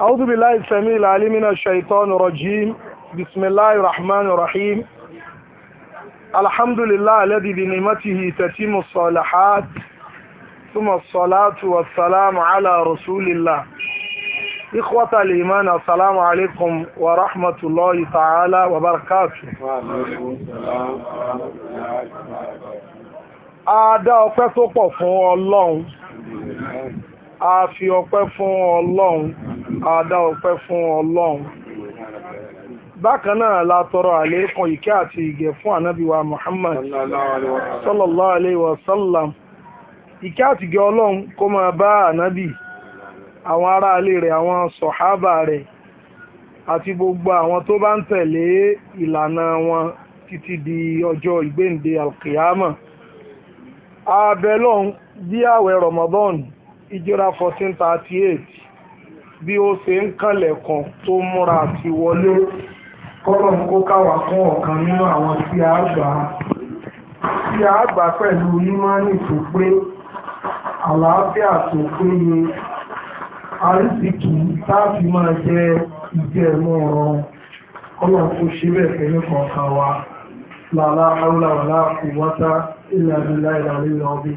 أعوذ بالله السميع العليم من الشيطان الرجيم بسم الله الرحمن الرحيم الحمد لله الذي بنعمته تتم الصالحات ثم الصلاة والسلام على رسول الله إخوة الإيمان السلام عليكم ورحمة الله تعالى وبركاته Adá ọpẹ́ tó pọ̀ fún Ọlọ́run. A fi ọpẹ́ fún Ọlọ́run. àdá ofe fún ọlọ́run bákan náà la tọrọ àlékún ìkẹ́ àti ìgẹ̀ fún ànábì wa Muhammad sallallahu alayhi wa sallam ìkẹ́ àti ìgẹ̀ ọlọ́run kó máa bá ànábì àwọn aráalé rẹ̀ àwọn sọ̀hábà rẹ̀ àti gbogbo àwọn tó bá ń tẹ̀lé ìlànà wọn títí di ọjọ́ ìgbéǹde alkiyama abẹ́lọ́n bí àwẹ̀ Ramadan ìjọra 1438 bí ó ṣe ń kànlẹ̀kùn tó múra àti wọlé kọ́lọ́n kó káwà fún ọ̀kan nínú àwọn tí a gbà tí a gbà pẹ̀lú nímánì tó pé àlàáfíà tó péye àrísìkì táàfì máa jẹ ìjẹ̀mú ọ̀rọ̀ kọ́lọ́n ṣe bẹ́ẹ̀ pẹ̀lú kọ̀ọ̀kan wa làlá àrùlà kò wáta ìlànà ìlànà ìlànà ọ̀bí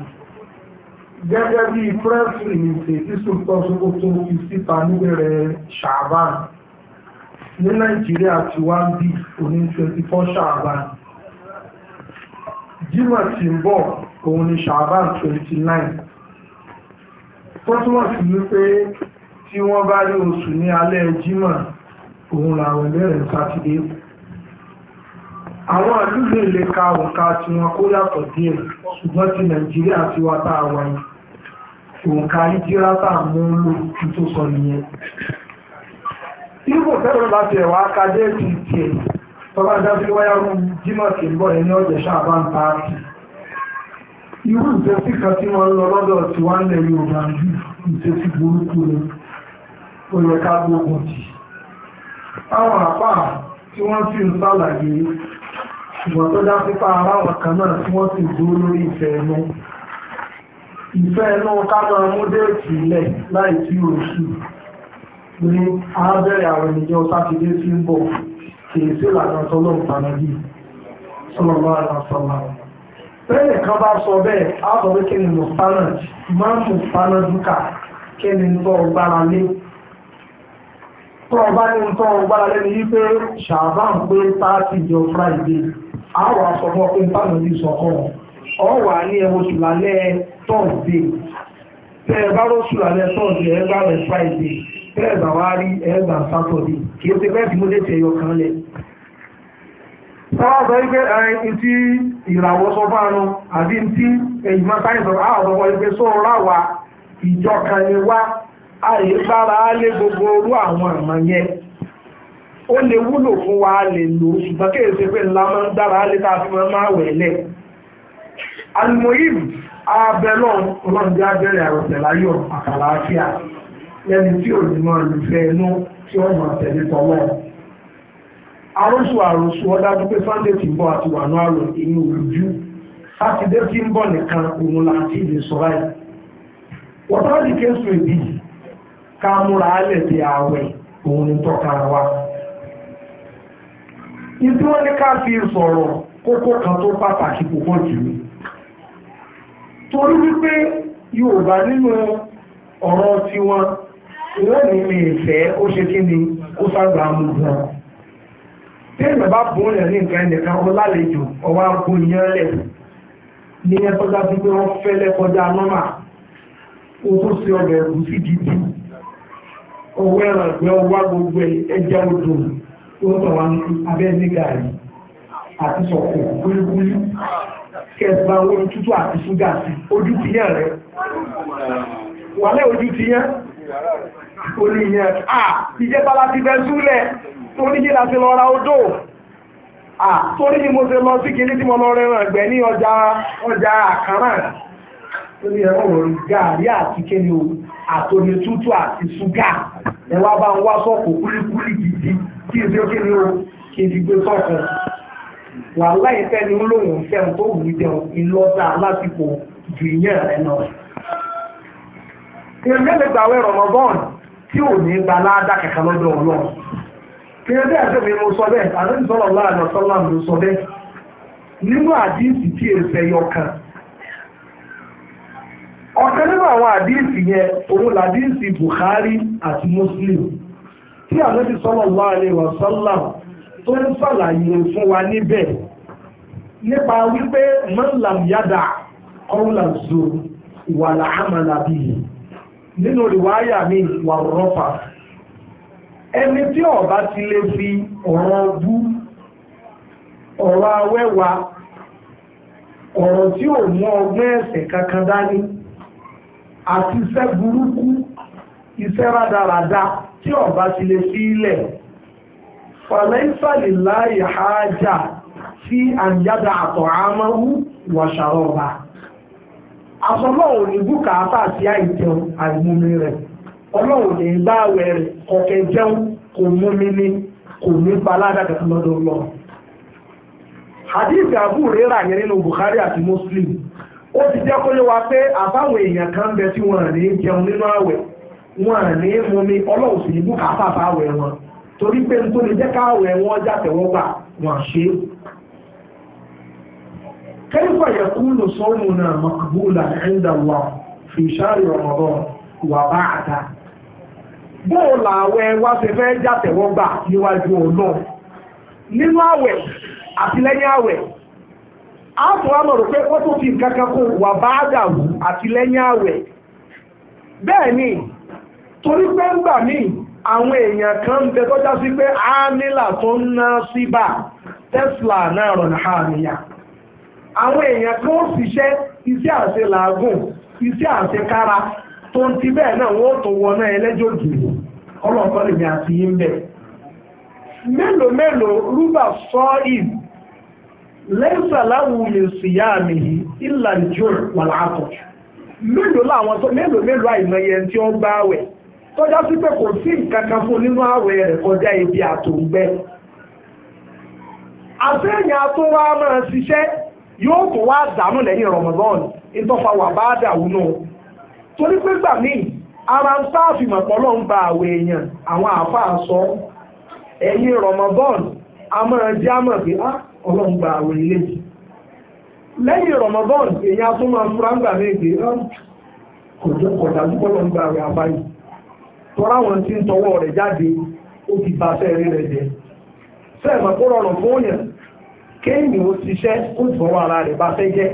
gẹ́gẹ́ bí press release tí sultan sokoto fi síta níbẹ̀rẹ̀ ṣàbán ní nàìjíríà ti wá ń bí òní twenty four ṣàbán jimá ti ń bọ̀ òun ni ṣàbán twenty nine tó túmọ̀ sí wípé tí wọ́n bá rí oṣù ní alẹ́ jimá òun làwọn ẹlẹ́rìí sátidé àwọn àdúgbò lè ka òǹkà tí wọn kó yàtọ̀ díẹ̀ ṣùgbọ́n ti nàìjíríà ti wá tá a wà yìí òǹkà ìjírá tá a mú lò ju tó sọ nìyẹn. ibo fẹ́ràn bá tiẹ̀ wá ka dé ti tiẹ̀ tọ́ba dájú wáyà rú jímọ̀ tí ń bọ̀ ẹni ọ̀jẹ̀ ṣáàbà ń pa á tì. irú ìfẹ́sí kan tí wọ́n ń lọ lọ́dọ̀ tí wọ́n ń lẹ̀ yorùbá ń bí ìfẹ́sí burúkú ni ó yẹ ká gbógun tì. àwọn àpá tí wọ́n fi ń sàlàyé ṣùgbọ́n tó dá pípa ara wọn kan náà tí wọ́n sì dúró lórí ìfẹ́ ẹnu ìfẹ́ ẹnu ká máa mú déètì ilẹ̀ láì tí oṣù ní abẹ́rẹ́ àwọn ìjọ sátidé tí ń bọ̀ kìí sí ìlànà tọ́lọ́run tàbí sọlọ́lá àlàsọ́lá bẹ́ẹ̀ kan bá sọ bẹ́ẹ̀ á sọ pé kí ni mùsùlùmí máa ń mùsùlùmí dúkà kí ni tọ́ gbára lé tọ́ ọba ní tọ́ gbára lé ni wípé ṣàbá ń pé táàtì jọ Friday àárọ̀ àsọ̀bọ̀ pé ń bánu ọ ìsọ̀kọ́ ní ẹwọ sùlálẹ́ tọ́ọ̀dé tẹ́ ẹ bá rọ́ sùlálẹ́ rẹ̀ fáìdé tẹ́ wá rí sátọ̀dé tẹ̀yọ kan lẹ sábà sọ wípé sọ fún anu àbí máa sáyẹn sọ àwọn wípé ó lè wúlò fún wa lè lò ṣùgbọ́n kí èsì pé ńlá máa ń dára tá a fi máa wẹ̀ lẹ̀ alimoyim abẹ́lọ́ ọlọ́dún abẹ́rẹ́ àròsẹ̀ láyọ̀ àkàlàáfíà lẹ́ni tí ò ní máa lùfẹ́ inú tí ó máa tẹ̀lé tọ́wọ́ àròsù àròsù ọ̀dájú pé sunday ti ń bọ̀ àti wà náà rò èyí òrùjú sátidé tí ń bọ̀ nìkan òun là ti lè sọ̀rọ̀ ẹ̀ wọ́n ìbí ká múra òun tọ́ka ibi wọ́n ní ká fi sọ̀rọ̀ kókó kan tó pàtàkì púpọ̀ jù ní torí wípé Yorùbá nínú ọ̀rọ̀ tiwọn wọ́n ní mi ìfẹ́ ó ṣe kí ni ó sábà mú wọn téèyàn bá bùn yẹn ní nǹkan ẹnìkan ọlálejò ọwọ́ àgbo ìyẹn lẹ̀ ní ẹ tọ́já sí pé wọ́n fẹ́lẹ́ kọjá nọ́mà owó sí ọbẹ̀ ẹ̀gúsí gidi owó ẹ̀ràn ìgbẹ́ ọwọ́ gbogbo ẹja odò tó tọ̀ wá ní abẹ́ẹ́nìgà yìí àti sọ̀kò kúlíkúlí kẹgbà owó tútù àti ṣúgà sí ojú ti yẹn rẹ̀ wà lẹ́ ojú ti yẹn orí yẹn à ìjẹta láti bẹ súlẹ̀ torí yìí láti lọ ra odò à torí yìí mo ṣe lọ sí kiri tí mo lọ rẹran ẹgbẹ ní ọjà ọjà àkàrà torí ẹ̀rọ òrì gàárì àti kéde o àtòlè tútù àti ṣúgà ẹ wá bá ń wá sọ̀kò kúlíkúlí gidi kí n fi ókè ní o kí n fi gbé sọ́ọ̀kan wà láì fẹ́ ni lóun fẹ́ràn tó wù ú jẹun ìlọ́ta lásìkò ju ìyẹn rẹ náà. èèyàn mẹ́lẹ̀ gbà wẹ́ rọ̀mọ́bọ́ọ̀n tí ò ní gba aláàdá kẹ̀kẹ́ lọ́dọ̀ ọlọ́run. kí n bẹ́ẹ̀ sẹ́mi mo sọ bẹ́ẹ̀ àdéhùn sọ̀rọ̀ láàrin ọ̀sán láàmì ló sọ bẹ́ẹ̀ nínú àdíìsì tí èsè yọkan ọ̀kan nínú àwọn àdíìsì yẹn òun làdíìsì Bukhari àti Muslim tí ànábì sallallahu alaihi wasallam tó ń sàlàyé fún wa níbẹ̀ nípa wípé man lam yada qawla zur wal amala bihi nínú rìwáyà mi wà rọ́fà ẹni tí ọba ti lè fi ọ̀rọ̀ bú ọ̀rọ̀ awẹ́wà ọ̀rọ̀ tí ò mú ọgbẹ́ ẹ̀sẹ̀ kankan dání àti iṣẹ́ burúkú iṣẹ́ rádaràda tí ọba ti lè fi ilẹ̀ fàlẹ́ńsàlì láàyè hájà sí àyàdà àtọ̀ àmọ́wú wàṣàrọ̀ ọba asọ́lọ́wọ́ ní bùkátà sí àìjẹun àìmúmi rẹ̀ ọlọ́wọ́ ní gbáwẹ̀ rẹ̀ kọ̀kẹ́ jẹun kò múmi ní kò ní balada kankan lọ. hadith abu rera yẹn nínú Bukhari àti Muslim ó ti jẹ́ kó yé wa pé àbáwọn èèyàn kan bẹ tí wọ́n rìn jẹun nínú àwẹ̀ wọn à ní mú mi ọlọ́run sì ní bùkátà fáwẹ̀ wọn torí pé n tó lè jẹ́ káwẹ̀ wọn jàtẹ̀wọ́gbà wọn à ṣe é kẹ́lifà yẹ kú lò sọ́ọ̀mù náà makbúlà ẹ̀ńdà wà fi ṣáàrì Ramadan wà bá àdá. bóò làwẹ̀ wá ṣe fẹ́ jàtẹ̀wọ́gbà níwájú ọlọ́run nínú àwẹ̀ àti lẹ́yìn àwẹ̀ a tún wá mọ̀rọ̀ pé wọ́n tún fi nǹkan kan kún wà bá àdàwù àti lẹ́yìn àwẹ̀ bẹ́ẹ̀ ni torí pé ń míì àwọn èèyàn kan ń bẹ sí pé nílà tó ń ná sí bá tesla náà rọ̀ náà àníyà àwọn èèyàn kan ó ṣiṣẹ́ iṣẹ́ àṣẹ làágùn iṣẹ́ kára tó ń ti bẹ́ẹ̀ náà wọ́n tó náà ẹlẹ́jọ́ jùlọ ọlọ́ọ̀kan lèmi àti yín mélòó mélòó rúbà sọ lẹ́sà mi yìí ìlànà jù mélòó mélòó àìmọye tọ́já sí pé kò sí nǹkan kan fún nínú àwẹ̀ rẹ̀ kọjá ibi àtòǹgbẹ. àtẹ̀yìn àtúwá máa ṣiṣẹ́ yóò tún wá dààmú lẹ́yìn Ramadan ìtọ́fà wà bá dàwù náà torí pé gbà míì ara ń sáàfì mọ̀pọ̀ ló ń ba àwẹ̀ èèyàn àwọn àáfàá sọ ẹ̀yìn Ramadan a máa jẹ́ àmọ̀ pé á ah, ọlọ́run gba àwẹ̀ ilé yìí lẹ́yìn Ramadan èèyàn a tún máa fura ń gbà mí pé ah, kò dájú pọ̀ lọ́n gba àwẹ̀ àbáyé tọ́ra wọn ti ń tọwọ́ rẹ̀ jáde ó ti ba sẹ́ẹ̀rí rẹ̀ jẹ sẹ́ẹ̀mọ̀ kó rọrùn fún yẹn kéèyàn ó ṣiṣẹ́ ó ti fọwọ́ ara rẹ̀ ba fẹ́ jẹ́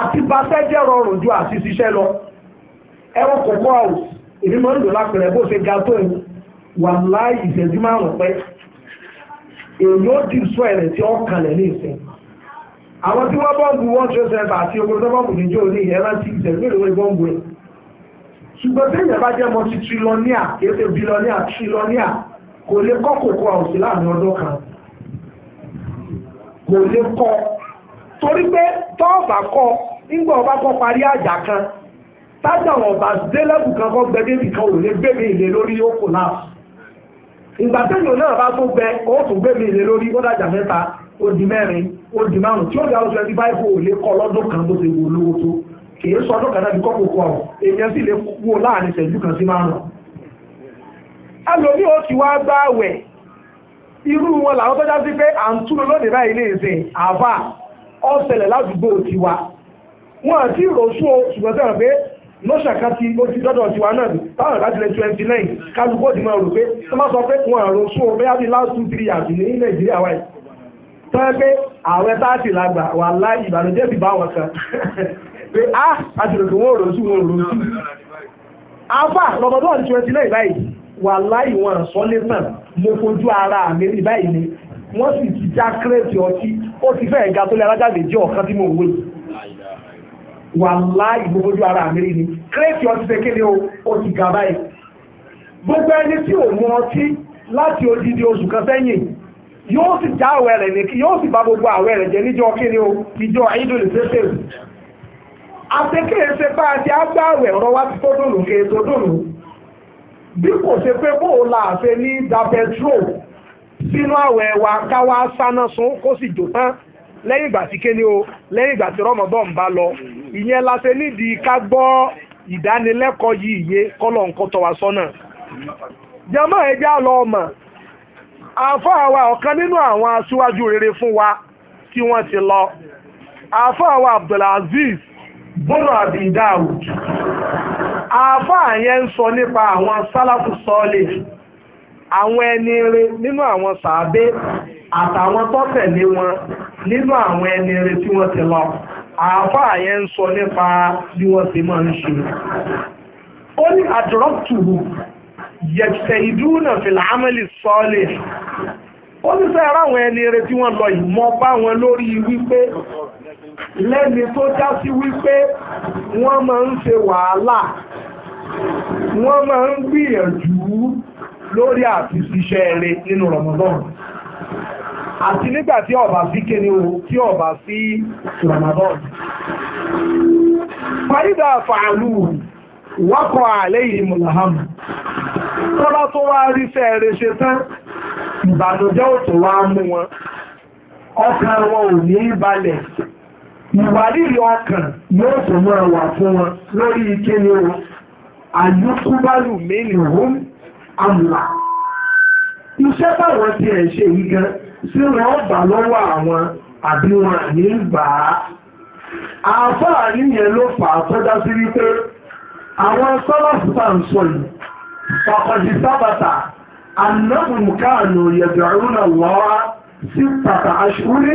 àti ba fẹ́ jẹ́ rọrùn ju àti ṣiṣẹ́ lọ ẹ̀rọ kọ̀ọ̀kọ́ house èmi máa ń lò lápẹ̀rẹ̀ bó ṣe ga tó ẹ̀ wà láì ìṣẹ́jú márùn-ún pẹ́ èyí ó dì sọ ẹ̀rẹ̀ tí ó kalẹ̀ ní ìsìn àwọn tí wọ́n bọ́ǹbù wọ́n ṣe ṣẹ̀fà àti ogun tó bọ́ǹbù níjó ní ìyẹn rántí ìṣẹ́jú mélòó ni bọ́ǹbù ṣùgbọ́n bí èèyàn bá jẹ́ mọ́tí trilọ́níà kéde bílọ́níà trilọ́níà kò lè kọ́ kòkó àwòsí láàrin ọdún kan kò lè kọ́ torí pé tọ́ọ̀bà kọ́ nígbà ọba kọ́ parí àjà kan tájà ọ̀bà délẹ́bù kan kọ́ gbẹ débì kan ò lè gbé mi ìlé lórí ó kò náà ìgbà tẹ́yìn náà bá tó gbẹ ó tún gbé mi ìlé lórí ó dájà mẹ́ta ó mẹ́rin ó di márùn tí ó dá oṣù ẹbí báyìí kò lè kọ́ lọ́dún kan bó ṣe wò lówó tó kì í sọdún kan náà kọ́pù kan èèyàn sì lè wò láàrin ìṣẹ́jú kan sí márùn-ún. ẹlòmí ó ti wá gbá àwẹ̀ irú wọn làwọn tọ́já sí pé à ń túnú lónìí báyìí ní ìsìn àbá ọ̀sẹ̀lẹ̀ ládùúgbò tiwa wọn àti ìròsù ṣùgbọ́n sẹ́wọ̀n pé lọ́ṣà ká ti ó ti dọ́dọ̀ tiwa náà bí táwọn láti lẹ twenty nine kálukú òdì máa rò pé tó máa sọ pé wọn àròsù o bẹ́ẹ̀ bí last two three years ní nàìjíríà wáyé tọ́ ẹ pé ààrẹ táàtì làgbà wà láì ìbànújẹ́ ti bá wọn kan pé á ah, àti rògbò wọn ò rọ̀sí wọn ò rọ̀sí. afa lọ́dọọdún ọdún twenty nine báyìí wà láì wọn àsọlé náà mo fojú ara mi rí báyìí ni wọ́n sì ti já kírètì ọtí ó ti fẹ́ẹ̀ ga tó lé alájáde jẹ́ ọ̀kan tí mo wò yìí wà láì mo fojú ara mi rí ni kírètì ọtí ṣe kéde o ó ti ga báyìí gbogbo ẹni tí ò mu ọtí láti odidi oṣù kan sẹ́yìn yóò sì já àwẹ̀ rẹ̀ ní yóò sì bá gbogbo àwẹ̀ rẹ̀ jẹ́ níjọ́ kéde o ìjọ ayédèrè tẹ́tẹ́ àtẹkẹẹsẹ bá a ti agbáwẹ̀ ọ̀rọ̀ wa ti tó dòlù kéè tó dòlù bí kò ṣe pé bó o là ṣe ní da petrol sínú àwẹ̀ wa káwá sáná sun kó sì jò tán lẹ́yìn ìgbà tí kéde o lẹ́yìn ìgbà tí rọmọdọ́ ń bá lọ ìyẹn la ṣe nídìí ká gbọ́ ìdánilẹ́kọ̀ọ́ yìí yé kọ́lọ̀ nǹkan tọ́ wa sọ́nà jama ẹja lọ ọmọ àáfàá wa ọ̀kan nínú àwọn aṣíwájú rere fún wa tí wọ́n ti lọ àáfàá wa Abdulaziz bọ́nà àbí dáàwùd àáfàá yẹn ń sọ nípa àwọn sálàfù sọ́ọ̀lì àwọn ẹni rẹ nínú àwọn sàábé àtàwọn tó tẹ̀lé wọn nínú àwọn ẹni rẹ tí wọ́n ti lọ àáfàá yẹn ń sọ nípa bí wọ́n ti máa ń ṣe ó ní àdúrọ́tùrù yẹ̀tẹ̀ ìdúnà fìlàmẹ́lì sọ́ọ̀lì ó ní sẹ́yìn ara àwọn ẹni rẹ tí wọ́n lọ yìí mọ́ bá wọn lórí wípé lẹ́ni tó já sí wípé wọ́n máa ń ṣe wàhálà wọ́n máa ń gbìyànjú lórí àti ṣiṣẹ́ eré nínú Ramadan àti nígbà tí ọba sí kéde o tí ọba sí Ramadan fàyídà fàálù wákọ̀ àlẹ́ yìí mùlàhàm tọ́lá tó wá rí fẹ́ẹ̀rẹ̀ ṣe tán ìbànújẹ́ òtò wá mú wọn ọkàn wọn ò ní balẹ̀ ìwárìrì ọkàn yóò tó máa wà fún wọn lórí ìkéde o àyùkúbálù mélòó hóm àmùlà iṣẹ́ báwọn ti ẹ̀ ṣe yìí gan sí wọn bà lọ́wọ́ àwọn àbí wọn ní gbà á àáfàá níyẹn ló fà á tọ́já sí wípé àwọn sọ́lọ́sì bá ń sọ yìí fàkọ̀jì sábàtà ànábùmùkáànù yẹ̀dọ̀rún náà lọ́wọ́ sí tàtà aṣúrí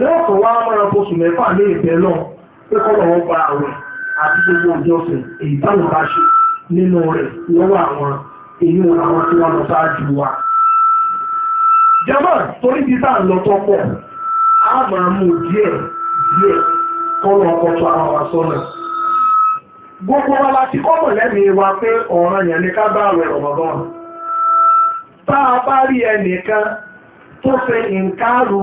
wọ́n tó wá mọ́ra oṣù mẹ́fà ní ìbẹ́ náà pé kọ́ lọ́wọ́ gba àwẹ̀ àti gbogbo ìjọsìn èyí táwọn bá ṣe nínú rẹ̀ lọ́wọ́ àwọn èyí àwọn tí wọ́n lọ sáájú wa. jẹ́mọ̀ torí bí sáà lọ tọ́pọ̀ á máa mú díẹ̀ díẹ̀ kọ́ lọ ọkọ̀ tó àwọn wa sọ́nà. gbogbo wa la ti kọ́mọ̀ lẹ́mìí wa pé ọ̀ràn yẹn ni ká bá àwẹ̀ Ramadan. tá a bá rí ẹnìkan tó fẹ́ nǹkan rú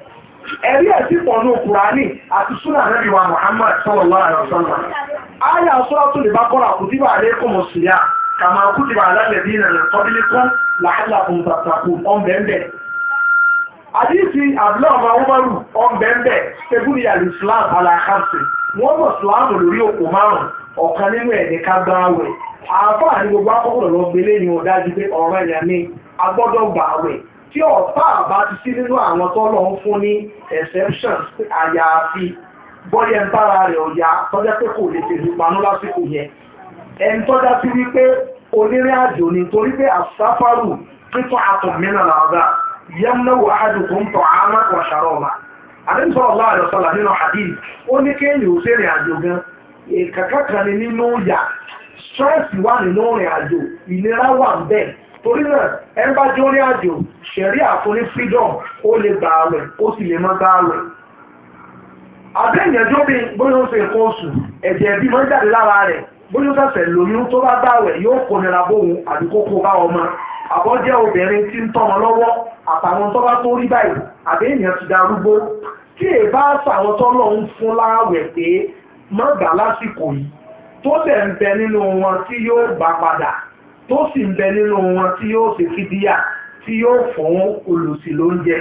ẹ̀rí ẹ̀sí pọ̀ ní Kùránì àti súnà nàbí wa Muhammad sallallahu alaihi wasallam àyà Suratul Baqara kutiba alaykumus siyam kama kutiba ala alladhina min qablikum la'allakum tattaqun ọ̀nbẹ̀ẹ̀bẹ̀ àdìsí àbúlé ọmọ awúmọ́rù ọ̀nbẹ̀ẹ̀bẹ̀ tẹ́gùrì àlè Islam wọ́n mọ̀ Islam lórí òkú márùn ọ̀kan nínú gbélé ni ọ̀rọ̀ ẹ̀yà agbọ́dọ̀ gbà tí ọ̀pá àbá ti sí nínú àwọn tọ́lọ̀ ń fún ní exceptions àyàfi bọ́yẹ̀ ń bára rẹ̀ ọ̀yà tọ́já pé kò lè tèlú panú lásìkò yẹn ẹni tọ́já sí wípé onírìn àjò ni torí pé àsáfárù pípọ̀ tọ̀ ọ̀la nínú gan nínú yà stress wà nínú rìn àjò ìlera torí náà ẹ ń bá jẹ́ orí àjò ṣẹ̀rí àforí freedom ó lè gbà àwẹ̀ ó sì lè má gbà àwẹ̀. àbẹ́yẹ̀jọ́ bí bóyá ó ṣe nǹkan oṣù ẹ̀jẹ̀ bí máa ń jáde lára rẹ̀ bóyá ó ṣẹ̀ṣẹ̀ lóyún tó bá gbà àwẹ̀ yóò kó nira bóun àbí kókó bá ọmọ àbọ̀ jẹ́ obìnrin tí ń tọ́mọ lọ́wọ́ àtàwọn tó bá tó rí báyìí àbẹ́yẹ̀ ti darúgbó tí èèbá àtàwọn tó lọ́ ń fún láwẹ̀ pé má gbà lásìkò yìí tó bẹ̀ ń bẹ nínú wọn tí yóò gbà padà tó sì ń bẹ nínú wọn tí yóò ṣe fídíà tí yóò fún olùsìn lóúnjẹ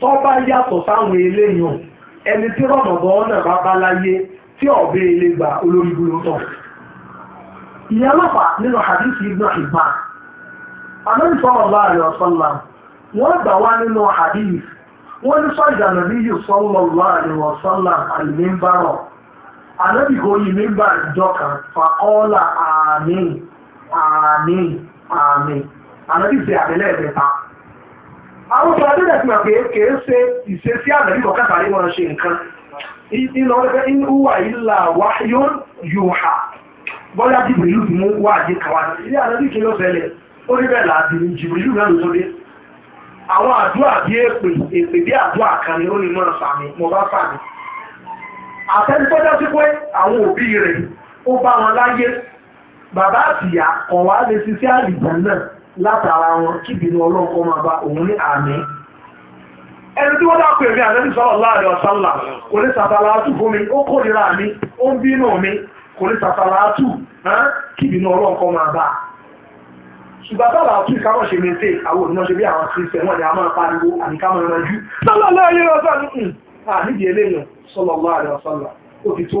tó bá yàtọ̀ sáwọn eléyàn ẹni tí rọ̀mọ̀bọ̀ náà bá bá láyé tí ọ̀bẹ ilé gba olórí ìyá ọlọ́pàá nínú hadith ibn ìbá àmọ́n ọ̀sánlá wọ́n gbà wá nínú hadith ní sọ́jà nàbí yìí ọ̀sánlá ń yìí àmì àmì ànábì ṣe àmì lẹ́ẹ̀mẹ́ta àwọn ọmọ adé dẹ̀sìn àpè kèé ṣe ìṣesí ànábì kọ̀ọ̀kan tàbí wọn ṣe nǹkan ìlọ ẹgbẹ́ ń wà ìlà wáyó yòóhà bọ́lá jìbìrìlù mú wáàdí kàwá ilé ànábì kí ló ṣẹlẹ̀ ó ní bẹ́ẹ̀ láti jìbìrìlù náà ló tó dé àwọn àdúrà bí èpè èpè bí àdúrà kan ni ó ní mọ́ sàmì mo bá sàmì àtẹ́ni tó dá sí pé àwọn òbí rẹ̀ ó bá wọn láyé bàbá àtìyà ọ̀wá lè ṣiṣẹ́ àlìjàn náà látara wọn kíbinú ọlọ́kọ́ máa bá òun ní àmì ẹni tí wọ́n dákọ̀ èmi àdẹ́bí sọ́rọ̀ láàrin ọ̀sánlá kò ní sàtàlátù fún mi ó kórìíra mi ó ń bínú mi kò ní sàtàlátù kíbinú ọlọ́kọ́ máa bá ṣùgbọ́n sábà tún ìkámọ̀ ṣe mẹ́tẹ́ àwọn òdìmọ̀ ṣe bí àwọn kristian wọn ni a máa pariwo àníkámọ̀ ìrànjú sọ́lọ́ láàrin ọ̀sán nídìí eléyàn sọ́lọ́ láàrin ọ̀sánlá ó ti tó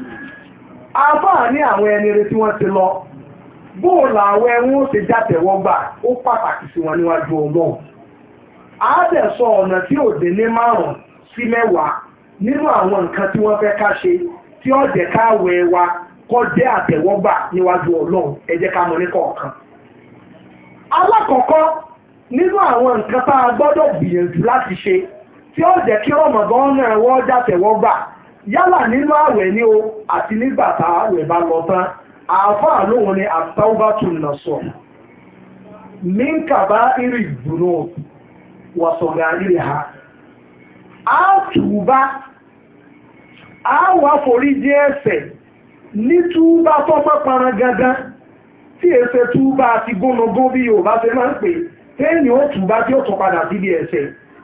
àbá ní àwọn ẹni rẹ tí wọ́n ti lọ bóòlù àwọn ẹ̀wọ̀n ó ti jàtẹ̀wọ́gbà ó pàtàkì sí wọn níwájú ọlọ́run àádẹ́sọ ọ̀nà tí ò dé ní márùn sí mẹ́wàá nínú àwọn nǹkan tí wọ́n fẹ́ ká ṣe tí ó jẹ́ káwẹ̀ wa kọ́ jẹ́ àtẹ̀wọ́gbà níwájú ọlọ́run ẹ jẹ́ ká mọ̀ ní kọ̀ọ̀kan. alákọ̀ọ́kọ́ nínú àwọn nǹkan tá a gbọ́dọ̀ gbìyànjú láti ṣe tí ó jẹ́ kí ọmọdé ọ̀nà ẹ̀wọ́ jàtẹ̀wọ́gbà yálà nínú ààwẹ̀ ni o àti nígbà tá ààwẹ̀ bá lọ tán àáfàá lóhun ni àtàwùbátùn nà sọ mínkàbá irì dùnú wàsọ̀gà irì ha àtùbá àwọ̀ àforíjì ẹ̀ṣẹ̀ ní túbá tó pápára gangan tí ẹ̀ṣẹ̀ túbá ti bí Yorùbá ṣe máa ń pè téèyàn túbá tí ó tún padà síbi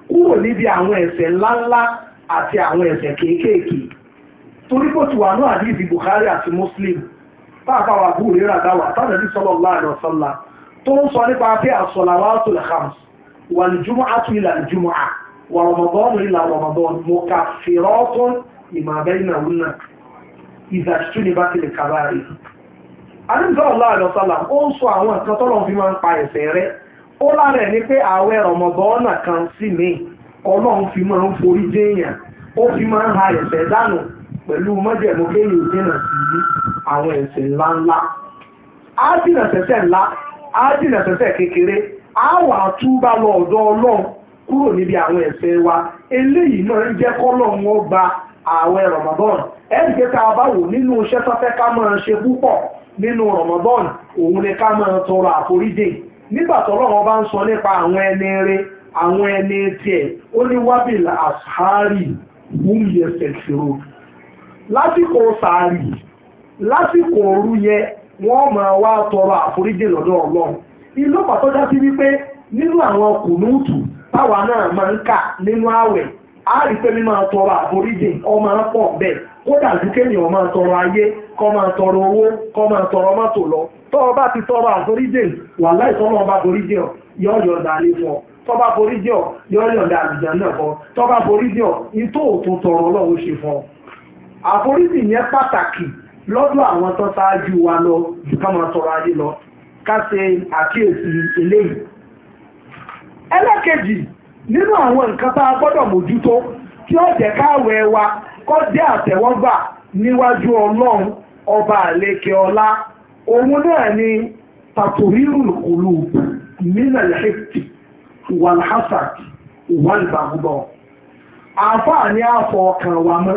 kúrò níbi àwọn ńláńlá àti àwọn ẹ̀ṣẹ̀ kéékèèké torí kò tí wà náà àdìsí Bukhari àti Muslim pàápàá wà búrò rírà dáwà tánàbí sallallahu alaihi wasallam tó ń sọ nípa pé as-salawatul khams wal jumu'atu ila al-jumu'ah wa Ramadan ila Ramadan mukaffiratun lima bainahunna idha ijtunibatil kaba'ir àdìsọ́lọ́lá àlọ́sọ́lá ó ń sọ àwọn nǹkan tọ́lọ́ fi máa ń pa ẹ̀ṣẹ̀ rẹ̀ ó lára ẹ̀ ní pé ààwẹ̀ Ramadan kan sí mi ọlọ́run fi máa ń forí déèyàn ó fi máa ha ẹ̀sẹ̀ dànù pẹ̀lú mọ́jẹ̀mú kéèyàn sí àwọn ẹ̀ṣẹ̀ ńlá á ńlá á dènà kékeré á wà túbà lọ ọ̀dọ̀ ọlọ́run kúrò níbi àwọn ẹ̀ṣẹ̀ wa eléyìí náà ń jẹ́ gba ààwẹ̀ Ramadan a bá wò nínú iṣẹ́ ká máa ṣe púpọ̀ nínú Ramadan òun ni ká máa tọrọ àforíjì nígbà tọ́lọ́run ń sọ nípa àwọn ẹni àwọn ẹni tiẹ̀ ó ní wábìlà àṣàárì wúmi ẹsẹ̀ ṣòro lásìkò sàárì lásìkò òru yẹ wọ́n máa wá tọrọ àforíjì lọ́dọ̀ ọlọ́run ìlú pàtọ́já sí wípé nínú àwọn kùnúùtù táwa náà máa ń kà nínú ààwẹ̀ á rí pé mímọ́ tọrọ àforíjì ọmọ pọ̀ bẹ́ẹ̀ kódà ju kéèyàn máa tọrọ ayé kọ́ máa tọrọ owó kọ́ máa tọrọ mọ́tò lọ tọ́ ọ bá ti tọrọ àforíjì wà láìsọ́nà ọba àforíjì yọ̀ọ̀yọ̀ dàlẹ́ fún ọ tọ́ba forí jẹ́ ọ yọ̀ọ́yọ̀ dá àbíjà náà fọ́ tọ́ba forí jẹ́ ọ ìtò òtún tọrọ ọlọ́run ṣe fọ́ àforíjì yẹn pàtàkì lọ́dọ̀ àwọn tó ṣáájú wa lọ jù ká máa tọrọ ayé lọ ká ṣe àkíyèsí eléyìí ẹlẹ́kejì nínú àwọn nǹkan tá a gbọ́dọ̀ mójútó tí ó jẹ́ káwẹ̀ wa kọ́ jẹ́ àtẹ̀wọ́gbà níwájú ọlọ́run ọba àlekè ọlá òun náà ni tàtòrírù kùlù mínà lẹ́ẹ̀tì wal hasad wal baghdha àáfàá afọ àfọ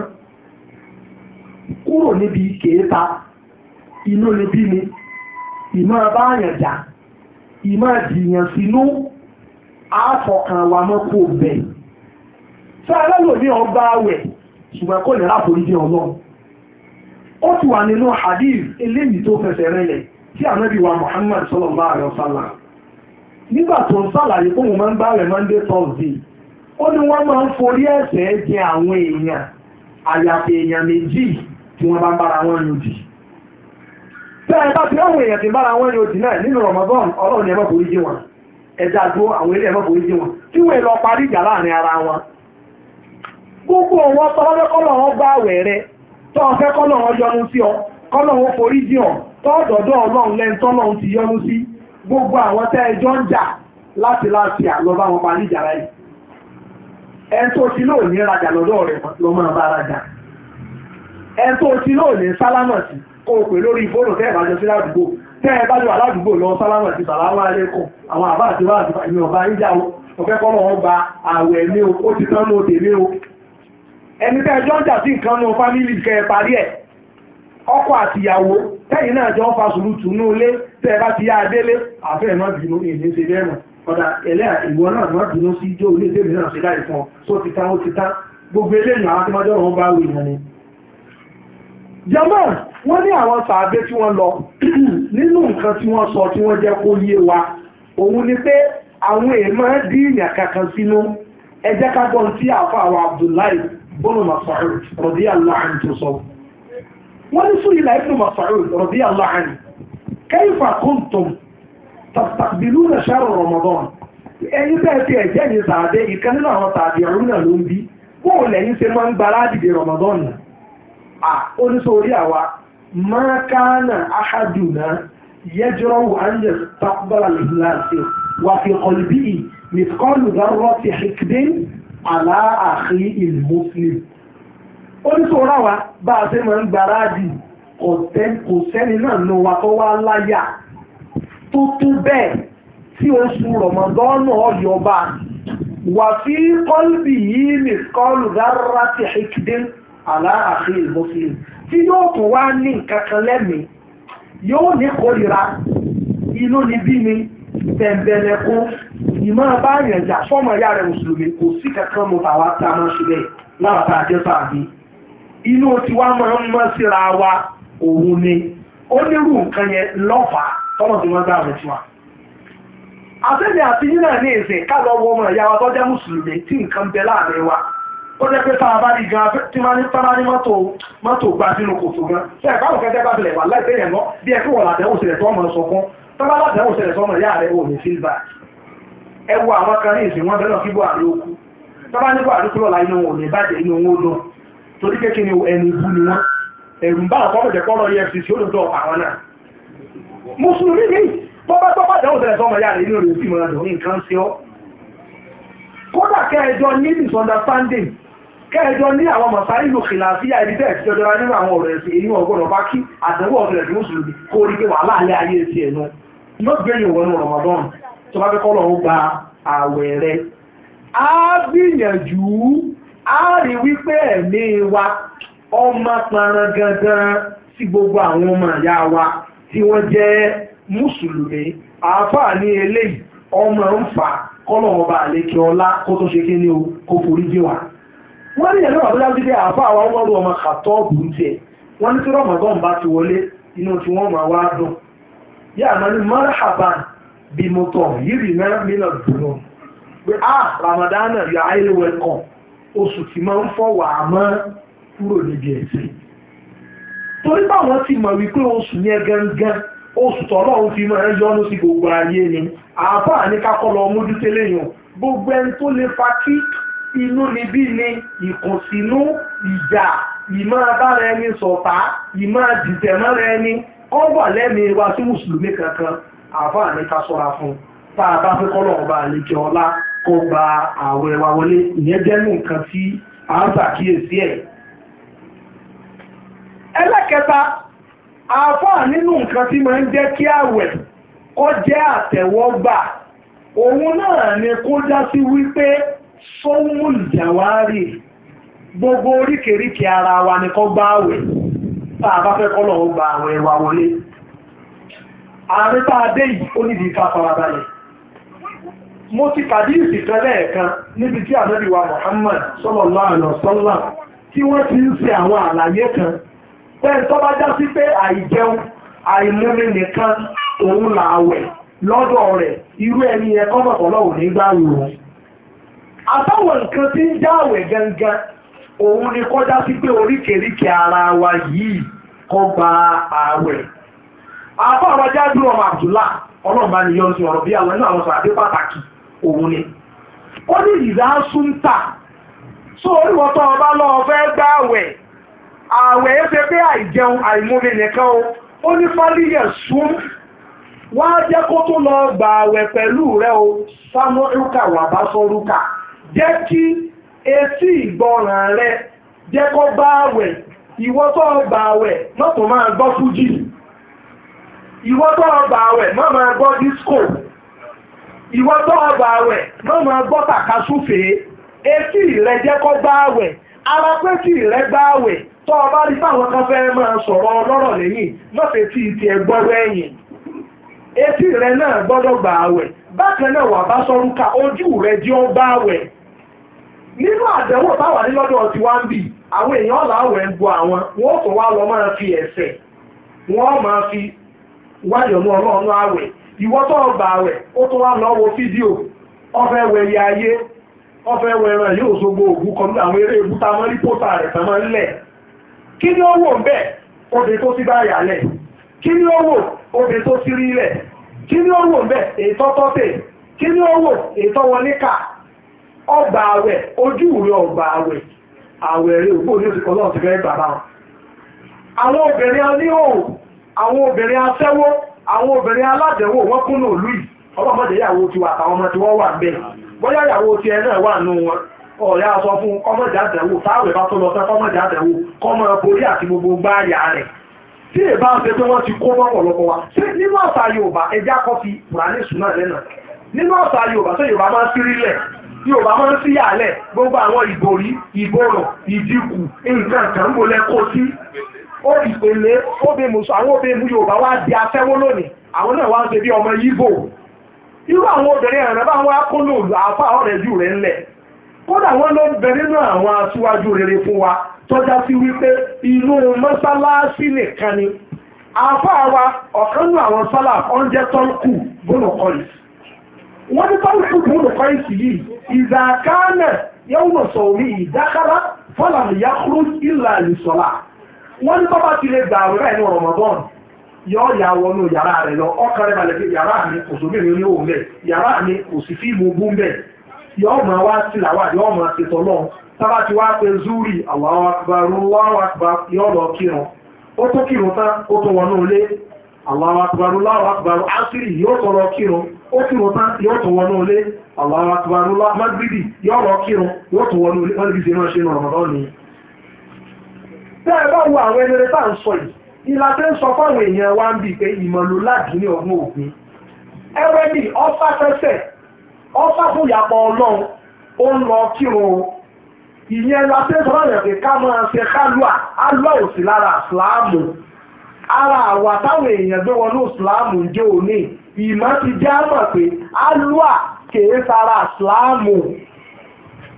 kúrò níbi kèéta inú ni bí mi ìmọ̀ báyàn ìmọ̀ jìyàn sínú àfọ ọkàn wa ẹ ọba awẹ̀ ṣùgbọ́n kò ní ráforíjì ọlọ́run ó wà nínú hadith eléyìí tó fẹsẹ̀ rẹ̀ lẹ̀ tí nígbà tó ń sàlàyé fóun máa ń bá rẹ̀ monday ó ní wọ́n máa ń forí ẹ̀sẹ̀ jẹ àwọn èèyàn àyàfi èèyàn méjì tí wọ́n bá bára wọn lòdì bẹ́ẹ̀ bá ti èèyàn ti bára wọn náà nínú Ramadan ọlọ́run ni ẹ má forí wọn ẹja dúró àwọn ilé forí wọn wọ́n lọ ìjà láàrin ara wọn gbogbo wọn wọn bá ọ gbogbo àwọn tẹ́ ẹjọ́ ń jà láti láti àlọ́bá wọn parí ìjà rẹ̀ ẹn tó ti lóò ní rajà lọ́dọ̀ rẹ̀ lọ máa bá rajà ẹn tó ti lóò ní kó o pè lórí fóònù tẹ́ ẹ̀ bá jọ sí ládùúgbò ẹ bá jọ aládùúgbò lọ sàlámà àwọn àbá àti wá àti o ọ̀fẹ́ kọ́ lọ́wọ́ o ó ti tán ní òde mi o ẹni tẹ́ ń jà sí nǹkan fámìlì ọkọ àtìyàwó tẹ́yìn náà jọ ń fa sùúrùtù ní ilé tẹ́ bá ti yá adélé àfẹ́ náà bínú ìlé ṣe bẹ́ẹ̀ mọ̀ ọ̀dà ẹlẹ́yà ìwọ náà náà bínú sí ijó ilé tẹ́mi náà ṣe láì fún ọ só ti tán ó ti tán gbogbo eléyìí àwọn tí wọ́n jọ wọn bá wù yẹn ni. jẹ́mọ́ wọ́n ní àwọn sàábé tí wọ́n lọ nínú nǹkan tí wọ́n sọ tí wọ́n jẹ́ kó yé wa òun ni pé àwọn èèmọ̀ díìyàn kankan sínú ẹ jẹ́ ká gbọ́n tí àfa àwọn Abdullahi bọ́lùmọ̀ sọ̀rọ̀ wọ́n ní sùn ilà ibnu Mas'ud radiyallahu anhu kayfa kuntum tastaqbiluna shahr Ramadan ẹni bẹ́ẹ̀ tí ẹ̀jẹ̀ ní sàádé ìkan nínú àwọn tàbí ọ̀run náà ló ń bí bóò lẹ́yìn ṣe máa ń gba aládìde Ramadan náà ó ní sọ àwa máa kánà ahaduna yẹjọ́rọ̀wù anjẹ́ taqbala ìlànà wà fi qalbi mithqalu dharrati hikdin ala akhi al-muslim oníṣòwòrán wa bá a ṣe máa ń gbáradì kò sẹ́ni náà nu wa kó wá láyà tó tó bẹ́ẹ̀ tí oṣù rọ̀mọdọ́nù ọ̀yọ́ba wà fí kọ́lbì yìí ní kọ́lù rárá ti ṣèkìdé aláàfin ìmọ̀sílẹ̀ tí yóò tún wá ní nǹkan kan lẹ́mìí yóò ní kórìíra inú ni bí ni ìmọ̀ bá yẹn jà mùsùlùmí kò sí kankan inú tiwa máa ń mọ́ síra wa òun ni ó nírú nǹkan yẹn lọ́fàá tọ́lọ̀ tí wọ́n gbà rẹ̀ tiwa. àtẹ́lẹ̀ àti yín ní ìsìn káàlọ́ wọ ọmọ ìyá wa tó mùsùlùmí tí nǹkan bẹ láàrin wa ó jẹ́ pé sáà bá rí gan tí wọ́n ní sábà ní mọ́tò gba sínú kòtò gan wà bí wọ̀ sílẹ̀ tó ọmọ sọ fún tọ́lá sílẹ̀ torí kékeré ni ẹni ibú ni wọ́n ẹ̀rù ń bá ọ̀pọ̀ mọ̀jẹ̀ pọ́nrọ̀ EFCC ó ló dọ̀ àwọn náà mùsùlùmí ni tó bá tó bá dẹ̀wọ̀ tẹ̀lẹ̀ sọmọ yá rẹ̀ inú rẹ̀ sì máa dùn nǹkan sí ọ́ kódà kẹjọ ní misunderstanding kẹjọ ní àwọn mọ̀sáì lò kìláàfíà ibi tẹ̀ ti jọjọra nínú àwọn ọ̀rọ̀ ẹ̀sìn èyí ọgbọ́dọ̀ bá kí àtẹ̀wọ̀ ọ̀rẹ́ ẹ̀sìn mùsùlùmí kó rí pé wàhálà alẹ́ ayé ti ẹ̀ nu yóò bẹ̀rẹ̀ ìwọ̀n Ramadan tó bá fẹ́ kọ́ lọ́wọ́ gba àwẹ̀ rẹ̀ á gbìyànjú a rí wípé ẹ̀mí wa ọmọ paran gangan sí gbogbo àwọn ọmọ ìyá wa tí wọ́n jẹ́ mùsùlùmí àáfàá ní eléyìí ọmọ ń fà kọ́lọ̀ ọba àlékè ọlá kó tó ṣe kéde o kó forí jì wá. wọ́n ní ẹ̀rọ àbúrò àti àáfàá wa wọ́n lu ọmọ kàtọ́ọ̀bù ń tiẹ̀ wọ́n ní tí rọ̀mọ̀dọ́n ti wọlé inú tí wọ́n máa wá dùn. yá àmọ́ ní marhaban bí tọ̀ yìí mílíọ̀nù dùn. pé ah, oṣù tí máa ń fọwọ́ àmọ́ kúrò níbi ẹ̀sìn torí báwọn ti mọ̀ wípé oṣù yẹn gangan oṣù tọ́lọ́run fi máa ń yọ́nú sí gbogbo ayé ni àáfàá ní kákọ́ lọ mójútélé yàn gbogbo ẹni tó lè fa kí inú níbí ni ìkùnsínú ìjà ìmọ̀ abára ẹni sọ̀tá ìmọ̀ dìtẹ̀mọ́ra ẹni kọ́ wà lẹ́mìí wa sí mùsùlùmí kankan àáfàá ní ká sọ́ra fún tá a bá fẹ́ kọ́ lọ́wọ́ bá àlejò ọlá kó gba ààwẹ̀ wa wọlé ìyẹn jẹ́ nǹkan tí a ń ṣàkíyèsí ẹ̀. ẹlẹ́kẹta àáfàá nínú nǹkan tí máa ń jẹ́ kí ààwẹ̀ kó jẹ́ àtẹ̀wọ́gbà òun náà ni kó já sí wípé sọ́wọ́n ìjàwárì gbogbo oríkèríkè ara wa ni kó gba ààwẹ̀ tá a bá fẹ́ kọ́ lọ́wọ́ gba ààwẹ̀ wa wọlé. àárín tá a dé yìí ó nídìí ká farabalẹ̀. mo ti kàdíyèsí kan lẹ́ẹ̀kan níbi tí ànábì mohamed Muhammad sallallahu alaihi tí wọ́n ti ń àwọn àlàyé kan tó pé àìjẹun nìkan òun làwẹ̀ lọ́dọ̀ rẹ̀ irú ẹni yẹn ò gbà àtàwọn nǹkan tí ń gangan òun ni kọjá pé ara wa yìí kọ́ gba àwẹ̀. ọmọ ọlọ́ọ̀bá ni òun ni ó ní ìdá súntà so oríwọ́tọ́ ọba lọ́ọ́ fẹ́ gbá àwẹ̀ àwẹ̀ yẹn ṣe pé àìjẹun àìmúmi nìkan o ó ní fálíyẹ̀ sún wá jẹ́ kó tó lọ gbà àwẹ̀ pẹ̀lú rẹ o sámúrúkà wà bá sọ́rúkà jẹ́ kí etí ìgbọràn rẹ jẹ́ kó bá àwẹ̀ ìwọ tó gbà àwẹ̀ mọ́tò máa gbọ́ fújì ìwọ tó àwẹ̀ má máa gbọ́ disco ìwọ tó ọgbà àwẹ̀ náà máa gbọ́ tàka súfèé etí rẹ jẹ́ kó gbá àwẹ̀ ara pé tí rẹ gbá àwẹ̀ tó o bá rí fáwọn kan fẹ́ máa sọ̀rọ̀ ọlọ́rọ̀ lẹ́yìn lọ́sẹ̀ tí ti ẹ gbọ́rọ̀ ẹ̀yìn etí rẹ náà gbọ́dọ̀ gbà àwẹ̀ bákan náà wà bá sọ́rùka ojú rẹ jẹ́ ó gbá àwẹ̀ nínú àdánwò táwà ní lọ́dọ̀ tí wá ń bì àwọn èèyàn ọ̀là àwẹ̀ ń bo àwọn wọ́n tó wá lọ máa fi ẹ̀ṣẹ̀ wọ́n máa fi wáyọ̀nù ọlọ́run àwẹ̀ ìwọ́tọ̀ ọgbà rẹ̀ ó tún wá lọ́wọ́ fídíò ọfẹ́ wẹ̀rẹ̀ ayé ọfẹ́ wẹ̀rẹ̀ yóò sogbo ògùn kan àwọn eré ìbúta mọ́ ní pótà rẹ̀ tán máa ń lẹ̀ kí ni ó wò ń bẹ̀ obè tó sí báyà lẹ̀ kí ni ó wò obè tó sí rí lẹ̀ kí ni ó wò ń bẹ̀ ètò tọ́tẹ̀ kí ni ó wò ètò wọn níkà ọgbà àwẹ̀ ojú ìwé ọgbà àwẹ̀ àwẹ̀ rẹ̀ ògbó ní oṣù kan ti fẹ́ gbà bá wọn àwọn obìnrin aníhòòhò àwọn obìnrin aṣẹ́wó àwọn obìnrin aládẹ̀wò wọ́n kúnnù òlú yìí ọlọ́mọdé ìyàwó tiwa àtàwọn ọmọ tí wọ́n wà bẹ́ẹ̀ bóyá ìyàwó tiẹ̀ náà wà nù wọn ọ̀rẹ́ aṣọ fún ọmọdé àdẹ̀wò táwẹ̀ bá tó lọ sẹ́ ọmọdé àdẹ̀wò kọ́mọ borí àti gbogbo gbáàyà rẹ̀ tí èbá ń ṣe pé wọ́n ti kó mọ́pọ̀lọpọ̀ wa ṣé nínú àṣà yorùbá ẹja kọ́ fi kùránì sùn náà lẹ́nà nínú àṣà yorùbá ṣé yorùbá máa ń sírí lẹ̀ yorùbá máa ń sí yàlẹ̀ gbogbo àwọn ìbòrí ìbòrò ìdínkù nǹkan kan ń bolẹ̀ ó ìpele óbe àwọn óbe Yorùbá wá di afẹ́wó lónìí àwọn náà wá ń ṣe ọmọ Yíbò irú àwọn obìnrin ẹ̀rẹ̀ bá wọn kúlò àfa ọ̀rẹ́ rẹ̀ ńlẹ̀ kódà wọn ló ń bẹ nínú àwọn aṣíwájú rere fún wa tọ́já sí wípé inú mọ́sálásí nìkan ni àfa wa ọ̀kan nínú àwọn sálà tọ́lùkù kọ́ìsì wọ́n ní tọ́lùkù kọ́ìsì yìí wọ́n ní bọ́bá ti lè gbà àwẹ̀ báyìí ní yọ ya wọnú yàrá rẹ̀ lọ ọkàn rẹ̀ balẹ̀ pé yàrá mi kò sóbì mi ní òun bẹ̀ yàrá mi kò ma wá yọ náà tábà ti wá pé zuri Allahu akbar yọ lọ kírun ó tó kírun tán ó tó wọnú ilé asiri yóò lọ kírun ó kírun tán yóò tó wọnú ilé yọ lọ kírun wo àwọn ẹni tá à ń sọ yìí ìlà tẹ́ ń sọ fáwọn èèyàn wa ń bì pé ìmọ̀ ló láàdì ní ọgbọ́n òpin ẹrẹ́dì ọfà tẹ́sẹ̀ ọfà fún ìyàpọ̀ ọlọ́run ó ń lọ kírun o ìyẹn la tẹ́ ń sọ fáwọn èèyàn pé ká máa ṣe kálúà álúà ò sí lára àsìláàmù ara àwa táwọn èèyàn gbé wọnú ìsìláàmù ń jẹ́ òní ìmọ̀ ti jẹ́ àmọ̀ pé álúà kèé sara àsìláàmù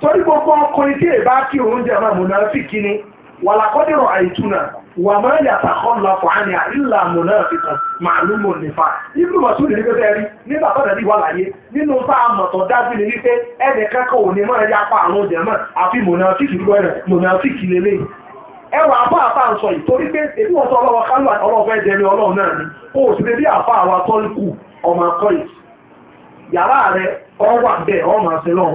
torí gbogbo ọkùnrin tí èbá kí òun jẹ máa ni wàlàkọ́dẹ̀rọ̀ àìtúnà wà máa yàtà kọ́ńlá fàánì àìlà mùnàfíkì màálùmù nìfà ibùdó mọ̀tún ní pípẹ́ rí nígbà tó dàbí wà láyé nínú a mọ̀tọ̀ dájú ni wípé ẹnì kankan ò ní àfi ẹwà ni o sì lè bí ọmọ yàrá rẹ ọmọ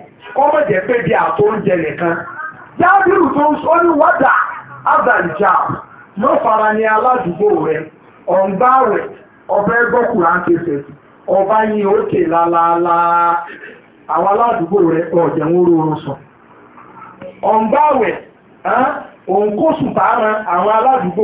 kọ́mọ̀ jẹ́ pé bí ń oúnjẹ nìkan. jábìrù tó ń sọ ní wádà azàlìjà yóò fara ní aládùúgbò rẹ ọ̀ǹgbà rẹ ọbẹ̀ gbọ́kùnrin àkẹsẹ̀ ọba yín òkè lálálá àwọn aládùúgbò rẹ ọ̀jẹ̀ ń rọrùn sọ. ọ̀ǹgbà òun sùn àwọn aládùúgbò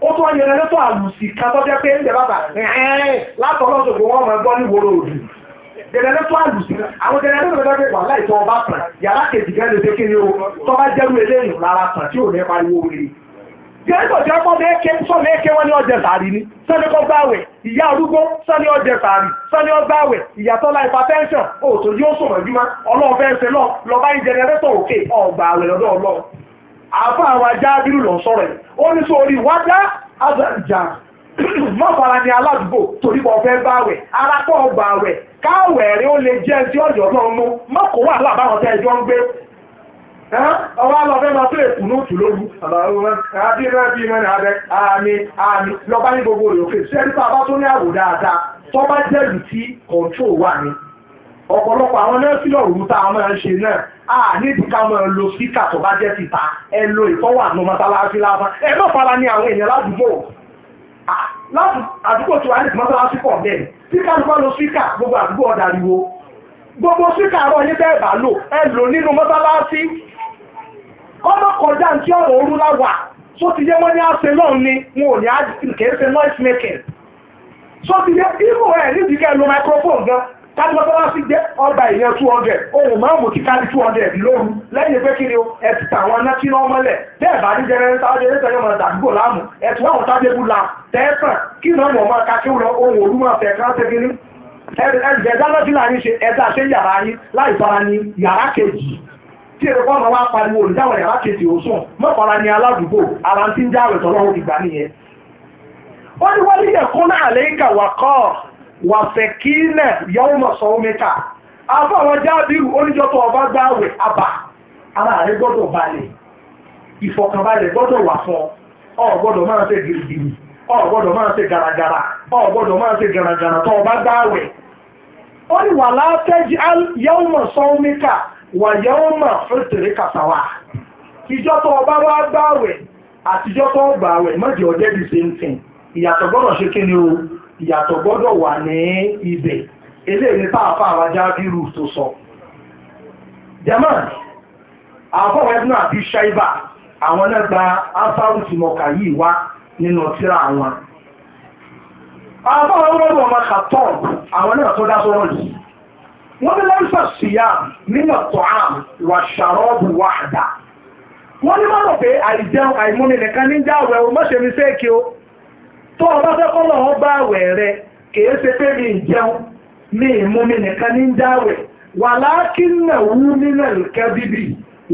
ó tún wáyé ẹni tó àlùsì kátó jẹ́ pé ń jẹ bàbà látọ̀lọ́sọ̀ pé wọ́n máa gbọ́ ní wòrò òdì jẹnẹrẹ tó àlùsì àwọn jẹnẹrẹ tó lọ́dọ̀ pé wà láì tọ́ ọba tàn yàrá kejì gẹ́lẹ́ ṣe kí ni o tó bá jẹ́rú eléyìí lára tàn tí ò ní pariwo rèé jẹ́rìndò jẹ́ pọ́ mẹ́ẹ̀kẹ́ sọ mẹ́ẹ̀kẹ́ wọ́n ní ọjẹ́ sàárì ni sọ́ni kọ́ gbáwẹ̀ ìyá arúgbó sọ́ni ọjẹ́ sàárì sọ́ni ọgbáwẹ̀ ìyàtọ̀ la hypertension òòtò yóò sọ̀rọ̀ jùmọ́ ọlọ́ọ̀fẹ́ ẹsẹ̀ lọ lọ́ba ìjẹnẹrétọ̀ òkè ọ̀gbà àwẹ̀ lọ́dọ̀ ọlọ́ọ̀ afọ àwọn ajábírù lọ sọ̀rọ̀ ẹ̀ ó ní sọ orí wájá azàjà ni aládùúgbò torí fẹ́ bá wẹ̀ arápọ̀ ọgbà wẹ̀ káwẹ̀ rí ó lè jẹ́ tí ọ̀yọ́ náà mú mọ́kò wà lábáwọn tẹ́ ẹjọ́ ń gbé ọwọ́ alọ́fẹ́ máa tó èkú ní òtù lóru ọ̀pọ̀lọpọ̀ àwọn nẹ́ẹ̀sìlì ọ̀rùn tá a máa ń ṣe náà a nídìí ká máa lo síkà tó bá jẹ́ títa ẹ lo ìtọ́wà ní mọ́sálásí lásán ẹ má fara ní àwọn èèyàn ládùúgbò àdúgbò tí wàá ní mọ́sálásí pọ̀ bẹ́ẹ̀ tí kálukọ́ lo síkà gbogbo àdúgbò ọ̀dàriwo gbogbo síkà rọ̀ yín bẹ́ẹ̀ bá lò ẹ lò nínú mọ́sálásí kọ́mọ́ kọjá tí ọ̀rọ̀ orú láwà tó ti yẹ wọ́n ní àṣẹ náà ni wọn ò ní àdìsí kèéfé noise making tó ti yẹ irú ẹ̀ nídìí kẹ́ lo microphone gan kájú mọ́tọ́lá sí jẹ́ ọgbà èèyàn two hundred ohun máa mú kí kájú two hundred lóru lẹ́yìn pé kí ni o ẹ ti tàwọn anáṣí náà mọ́lẹ̀ bẹ́ẹ̀ bá ní jẹrẹrẹta ọjọ́ ilé ìtọ́jú ọmọdé àdúgbò láàmú ẹ ti wá àwọn tábìlì la tẹ́ẹ̀sán kí náà mọ̀ máa kakí lọ ohun òru máa fẹ̀ kán ṣe kínní ẹ̀ẹ́dá náà sí láàrin ṣe ẹ̀dá ṣe yàrá yín láì fara ni yàrá kejì tí èrè fọ́ọ̀mù wa pariwo olùdáwọ̀ yàrá kejì ò sùn mọ́kànlá ní aládùúgbò ara ti ń jáwèé tọ́lọ́wọ́ ìgbà nìyẹn. ó ní wọ́n wàfẹ̀kínẹ̀ yọ́wọ́ mọ̀ sọ afọ́wọ́ jábìrù oníjọ́tọ̀ ọba gbáwẹ̀ àbà ara rẹ̀ gbọ́dọ̀ balẹ̀ ìfọ̀kànbalẹ̀ gbọ́dọ̀ wà fún ọ gbọ́dọ̀ máa ṣe ọ gbọ́dọ̀ máa ṣe garagara ọ gbọ́dọ̀ máa ṣe garagara tó ọba gbáwẹ̀ ó ní wà látẹ́jì yọ́wọ́ mọ̀ sọ wà yọ́wọ́ mọ̀ fẹ́tẹ̀rẹ́ kàtàwà ìjọ́tọ̀ ọba wá gbáwẹ̀ àtijọ́tọ̀ ìyàtọ̀ gbọ́dọ̀ wà ní ibẹ̀ eléyìí táàfà àwájá bírù tó sọ. german àfọwọ́ ẹ̀dùn àbí ṣáíbà àwọn náà gba áfáwù tí yìí wá nínú tíra àwọn. àfọwọ́ ẹ̀dùn ọmọ kàtọ́ àwọn náà tó wọ́n ní lẹ́sà síyá nínú wà ṣàrọ́ọ̀bù wàhádà. wọ́n ní pé àìjẹun ní jáwèé o tó o bá fẹ́ kọ́ bá ṣe pé mi jẹun mi mi nìkan ní dáwẹ̀ wàlákìnnàwú nínú ẹ̀kẹ́ bíbí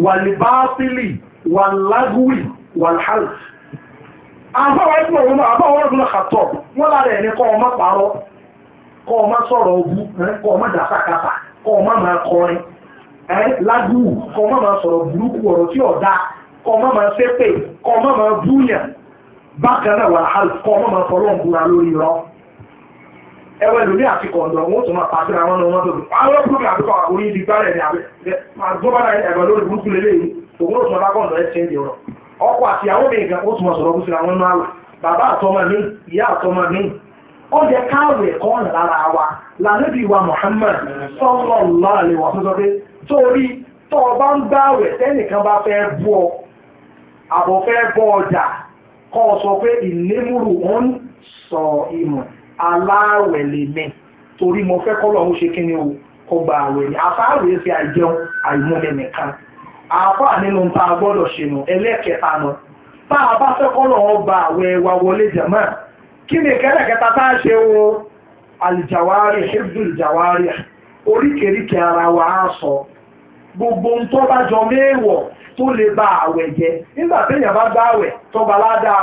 wàlìbáfílì wà wàlhàlù àbáwọ̀ ẹgbẹ́ òun náà àbáwọ̀ ọ̀rọ̀ náà kàtọ̀ wọ́n lára ẹni kọ́ ọmọ pààrọ̀ kọ́ ọmọ sọ̀rọ̀ kọ́ ọmọ kọ́ ọmọ máa kọrin kọ́ ọmọ máa sọ̀rọ̀ burúkú ọ̀rọ̀ tí kọ́ ọmọ máa ṣépè kọ́ ọmọ máa bákan náà wà kọ́ ọmọ máa fọ́ búra lórí rọ ẹwẹ́ lómi àti kọ̀ọ̀dọ̀ wọn tún máa pàṣẹ àwọn ọmọ tó àwọn ibi lórí burúkú òun tún kọ̀ọ̀dọ̀ ọkọ̀ àti àwọn obìnrin kan ó tún máa sọ̀rọ̀ bú àwọn ọmọ bàbá àtọmọ mi ìyá Muhammad torí tó o bá ń gbáwẹ̀ tẹ́nìkan bá kọ́ ọ sọ pé ìlémùrù wọn sọ ìmọ̀ aláàwẹ̀ lè mẹ́ torí mo fẹ́ kọ́ lọ́hún ṣe kíni o kò gba àwẹ̀ ni àfáàwẹ̀ ṣe àìjẹun àìmọ́lẹ̀ nìkan àfáà nínú ta gbọ́dọ̀ ṣe nù ẹlẹ́kẹta nù tá a bá fẹ́ kọ́ lọ́hún gba àwẹ̀ wa wọlé jàmọ́ kí ni kẹ́lẹ́kẹta tá a ṣe o àlìjàwárí ṣébùdù ìjàwárí oríkèéríkèé ara wa á sọ gbogbo ń tó bá jọ méèwọ̀ tó lè ba àwẹ̀ jẹ́ nígbà téèyàn bá dá àwẹ̀ tọ́ba ládàá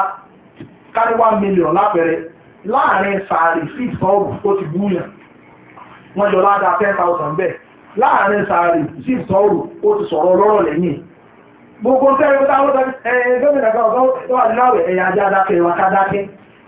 kárí one million lápẹẹrẹ láàrin sàárì six ti búyàn wọ́n yọ ten thousand bẹ́ẹ̀ láàrin sàárì six ó ti sọ̀rọ̀ ọlọ́rọ̀ lẹ́yìn gbogbo tẹ́lifíṣà ó tẹ́lifíṣà ẹ̀ẹ́dẹ́gbẹ̀rẹ̀ kan ọ̀gá ó wà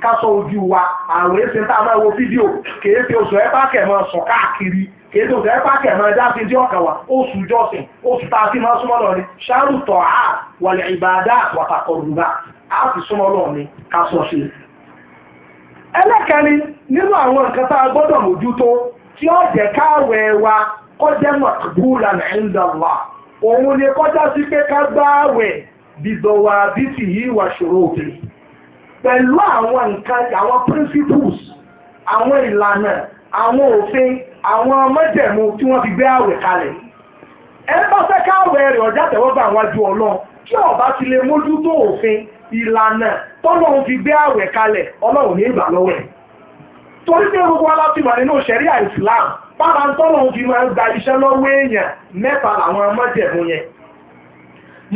ká sọ ojú wa àrùn èsì a máa wo fídíò kèé oṣù ẹ̀fà kẹ̀ máa sọ káàkiri kèé oṣù ẹ̀fà kẹ̀ máa dáàbí tí ọkàn wa oṣù jọ́sìn oṣù tá a ti máa súnmọ́ lọ ni ṣáàrù tọ̀ á wàlẹ̀ ìbàdà wàtàkọ̀ rúbà á ti súnmọ́ lọ ni ṣe. ẹlẹ́kẹ̀ni nínú àwọn nǹkan tá a gbọ́dọ̀ mójútó tí ó jẹ́ wa kọjá pẹ̀lú àwọn nǹkan àwọn principles àwọn ìlànà àwọn òfin àwọn májẹ̀mú tí wọ́n fi gbé àwẹ̀ kalẹ̀ ẹ bá fẹ́ káwẹ̀ rẹ̀ ọjà tẹ̀wọ́gbà àwọn ajú ọlọ́run tí ọba ti lè mójútó òfin ìlànà tọ́lọ́run fi gbé àwẹ̀ kalẹ̀ ọlọ́run ní ìgbà lọ́wọ́ ẹ̀ torí pé gbogbo aláfimọ̀ nínú ṣẹ̀ríà Islam bára ń tọ́lọ́run fi máa ń gba iṣẹ́ lọ́wọ́ èèyàn mẹ́ta làwọn májẹ̀mú yẹn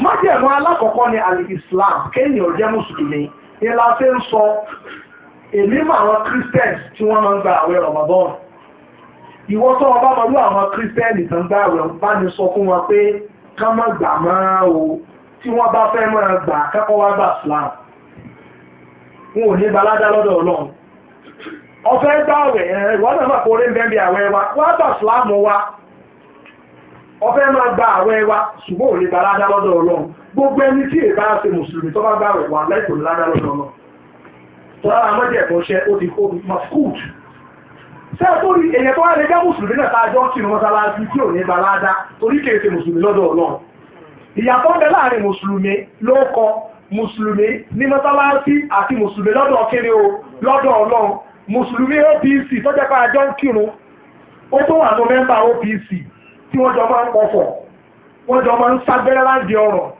májẹ̀mú alákọ̀ọ́kọ́ ni al-Islam kéèyàn jẹ́ mùsùlùmí ìlà ṣe ń sọ èmi mọ àwọn christians tí wọ́n máa ń gba àwẹ̀ Ramadan ìwọ tó wọn bá mọlú àwọn christians tó ń gba àwẹ̀ bá ní sọ fún wọn pé ká má gbà máa o tí wọ́n bá fẹ́ máa gbà kẹ́kọ̀ọ́ wá gbà Islam wọn ò ní balada lọ́dọ̀ Ọlọ́run ọ̀fẹ́ gbà àwẹ̀ ìwọ náà máa kórè ń bẹ́ẹ̀ bí àwẹ̀ wa wá gbà Islam wa ọ̀fẹ́ máa gba àwẹ̀ wa ṣùgbọ́n ò ní balada lọ́dọ̀ Ọlọ́run gbogbo ẹni tí èbá ṣe mùsùlùmí tó bá gbà wẹ̀ wà láìpò lára lọ́dọ̀ náà tọ́lá àmọ́jẹ̀ ẹ̀kọ́ ṣe ó ti kó maskud sẹ́ẹ̀ tó rí èyẹ tó wá lè jẹ́ mùsùlùmí náà tájọ́ kí ni mọ́sálásí tí ò ní balada torí kèé ṣe mùsùlùmí lọ́dọ̀ ọlọ́run ìyàtọ̀ ń bẹ láàrin mùsùlùmí ló kọ mùsùlùmí ní mọ́sálásí àti mùsùlùmí lọ́dọ̀ kéré o lọ́dọ̀ ọlọ́run mùsùlùmí OPC tó jẹ́ pé àjọ ń kírun ó tó wà ní mẹ́mbà OPC tí wọ́n jọ máa ń pọ̀fọ̀ wọ́n jọ máa ń sábẹ́rẹ́ láǹdì ọ̀rọ̀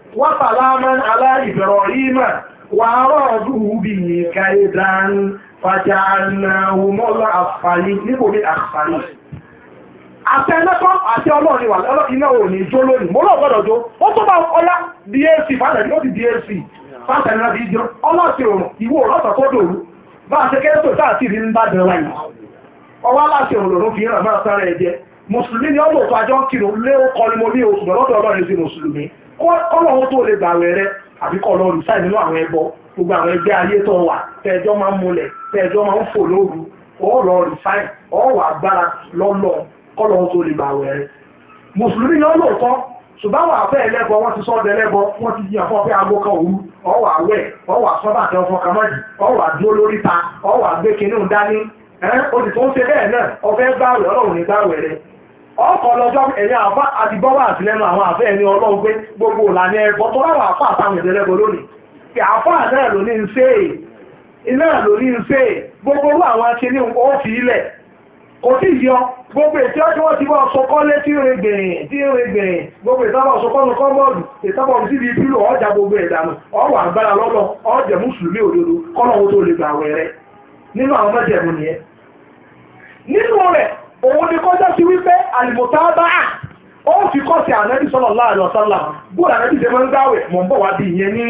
وسلاما على إبراهيم وأرادوا به wa فجعلناهم الأسفلين níbo ni àṣàlì àti àti ọlọ́ọ̀ni wà iná ò jó lónìí mo lọ jó ó tó bá ọlá ó ti DAC fàtẹ̀ ní láti jọ ọlọ́ọ̀sì òrùn ìwọ ọlọ́ọ̀sọ̀ tó dòru bá a ṣe kéré tó sáà bá dẹ̀rọ yìí ọwọ́ aláṣẹ kọ́lọ̀ wọn tó lè gbàwẹ̀ rẹ àbí kọ́lọ̀ nínú àwọn ẹbọ gbogbo àwọn ẹgbẹ́ ayé tó wà tẹ́ẹjọ́ máa ń múlẹ̀ tẹ́ẹjọ́ máa ń fò lóru ọ̀rọ̀ olùsáì ọ̀wà agbára lọ́lọ́ tó lè mùsùlùmí ni ṣùgbọ́n àwọn àfẹ́ wọ́n ti sọ́ọ́dẹ wọ́n ti yàn fún aago kan òru awẹ́ lórí ta ọ̀wà gbé kinní dání ó sì tó ń ṣe bẹ́ẹ̀ náà ọlọ́run ní ọkọ̀ lọ́jọ́ ẹ̀yìn àfá àti bọ́wà àti lẹ́nu àwọn àfẹ́ ẹni ọlọ́run pé gbogbo ìlànà ẹ̀bọ̀ tó láwọn àfá àtàwọn ìdẹ́lẹ́bọ̀ lónìí kí àfá náà ló ní ṣe é iná ló ní gbogbo owó àwọn akíní ó fi ilẹ̀ kò gbogbo ètí ọjọ́ wọn ti bọ́ gbẹ̀yìn tí gbẹ̀yìn gbogbo ìtàbọ̀ kọ́bọ̀dù ọjà gbogbo ọwọ́ àgbára lọ́lọ́ ọjà òun ni kọjá sí wípé àlùmọ̀tàbà ó fi kọ́ sí ànábì sallallahu alaihi wasallam bóòlù ànábì ṣe máa ń gbáwẹ̀ mọ̀ ń bọ̀ wá bí ìyẹn ní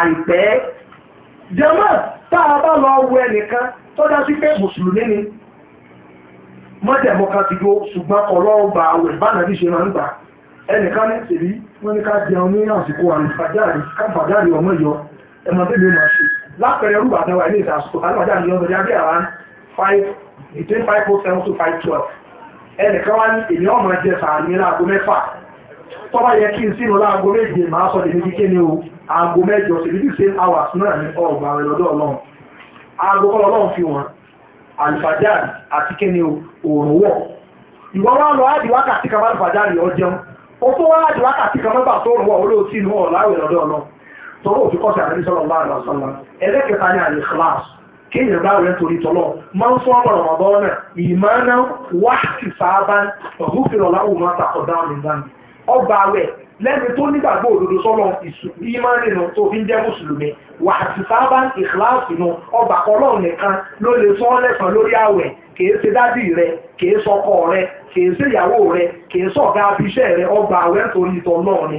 àìpẹ́. si tá a bá lọ wo ni ti gbó ṣùgbọ́n ọ̀rọ̀ ọgbà àwẹ̀ ṣe máa ń gbà ẹnìkan ní tèmi wọ́n ní ká ní àsìkò between five oh seven to five twelve ẹnìkan wá ní èmi ọmọ ẹjẹ sàmì láago mẹ́fà tọ́ba yẹ kí n sínú láago méje màá sọ èmi kíké ni o aago mẹ́jọ sí bíbí same hours náà ní ọgbà rẹ lọ́dọ̀ ọlọ́run aago kọ́ lọ́lọ́run fi wọn àlùfáàjáàrì àti kíni òòrùn wọ̀ ìwọ wá lọ áàdì wákàtí kan àlùfáàjáàrì ọjẹun ó tó wá áàdì wákàtí kan mẹ́bà tó rùn wọ̀ olóòtú inú ọ̀láwẹ̀ lọ́dọ̀ ọlọ́run tọ́wọ́ òfin kọ́sì àrẹ́bí class kéèyàn bá rẹ̀ torí tọ́lọ́ máa ń fọ́ ọ̀rọ̀ ọ̀bọ náà ìmọ̀ọ́nà wá sí sáábà ọ̀húnfìrọ̀ láwùjọ máa ta ọ̀dá mi náà ọba rẹ̀ lẹ́ni tó nígbàgbọ́ òdodo sọ́lọ́ ìmọ̀ọ́nì nù tó fi ń jẹ́ mùsùlùmí wà sí sáábà ìkíláàsì nù ọba kọlọ́ọ̀ nìkan ló lè sọ ọ́ lẹ́sàn lórí àwẹ̀ kìí ṣe dádì rẹ kìí sọkọ rẹ kìí ṣe ìyàwó rẹ kìí sọ̀gá abiṣẹ́ rẹ ọba rẹ̀ torí tọ́lọ́ ni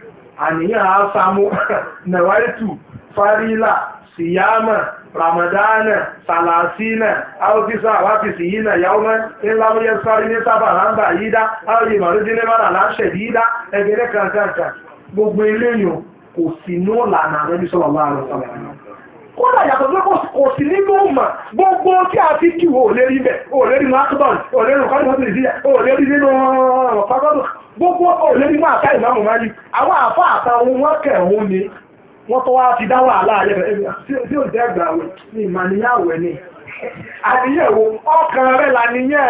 àníyàn ásámú nàwáìtù fárílà síyámà ramadana salasina aukisa wákìsì yìí nà yàwó mẹ́ ńláwóyẹ sáré ní sábà rámbà yìí dá áwòyè màrúdínlẹ́ bára láṣẹ̀ yìí dá ẹgbẹ̀rẹ́ kankan gbogbo eléyìn kò sí ní ọ̀lànà àrẹ́bí sọ́lọ́lá àrùn sọ́lọ́lá kódà yàtọ̀ pé kò sí nínú mà gbogbo tí a fi kí wo òlérí bẹ̀ òlérí nù akadọ́n òlérí nù kọ́dọ̀tì nìyíyà òlérí nínú ọ̀págọ́dọ̀ uh, gbogbo òlérí nù àká ìmáàmù máa yí àwọn àfa àtàwọn wọn kẹ̀ ọ̀hún ni wọ́n tọ́ wá ti dá wàhálà ayẹ bẹ̀ tí ó dẹ́gbàá wẹ̀ ní ìmàníyàwó ẹ̀ ní àníyẹ̀wò ọkàn rẹ̀ làníyẹ̀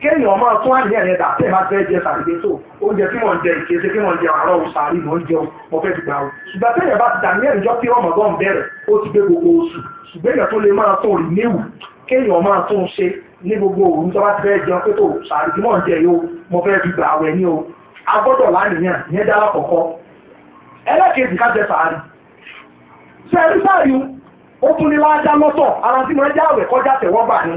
kéèyàn máa tún àníyàn yẹn dà tẹ́ẹ̀ máa fẹ́ jẹ sàrìgbé tó oúnjẹ tí mò ń jẹ ìkéṣe tí mò ń jẹ àárọ̀ sàárì mò ń jẹun mo fẹ́ gbà o ṣùgbọ́n tẹ́yẹ̀ bá ti dàníyàn ìjọ tí ọmọdún bẹ̀rẹ̀ ó ti gbé gbogbo oṣù ṣùgbọ́n èèyàn tó lè máa tún rí níwù kéèyàn máa tún ṣe ní gbogbo òru tó bá ti fẹ́ jẹun pé tó sàárì tí mò ń jẹ yìí mo fẹ́ fi gbà wẹ̀ ní o a gbọ́dọ̀ láníyàn yẹn dá lákọ̀ọ́kọ́ ẹlẹ́kejì ká jẹ sàárì sẹ́ẹ̀rí sàárì ó tún ní láájá lọ́tọ̀ ara tí mo ń jáwèé kọjá tẹ̀wọ́ gbà ni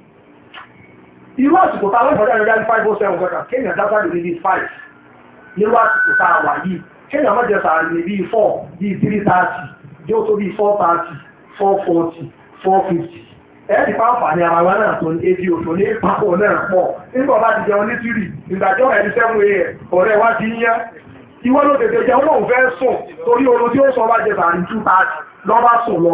irú àsìkò tá a lọ́sọ̀rọ̀ dáadáa dáadáa five oh seven kankan kéèyàn dáadáa lè ní bíi five nírú àsìkò tá a wà yìí kéèyàn má jẹsà lè bíi four bíi three thirty yóò tó bíi four thirty four forty four fifty ẹ̀ẹ́dì pàǹfààní ara wa náà tó ní ebi òtò ní papọ̀ náà pọ̀ nígbà bá ti jẹun ní tìrì ìgbàjọ́ ẹni seven a.m. ọ̀rẹ́ wa ti ń yá ìwọ́n ló tètè jẹun lóun fẹ́ sùn torí oorun tí ó sọ wá jẹsà ní two thirty lọ́ bá sùn lọ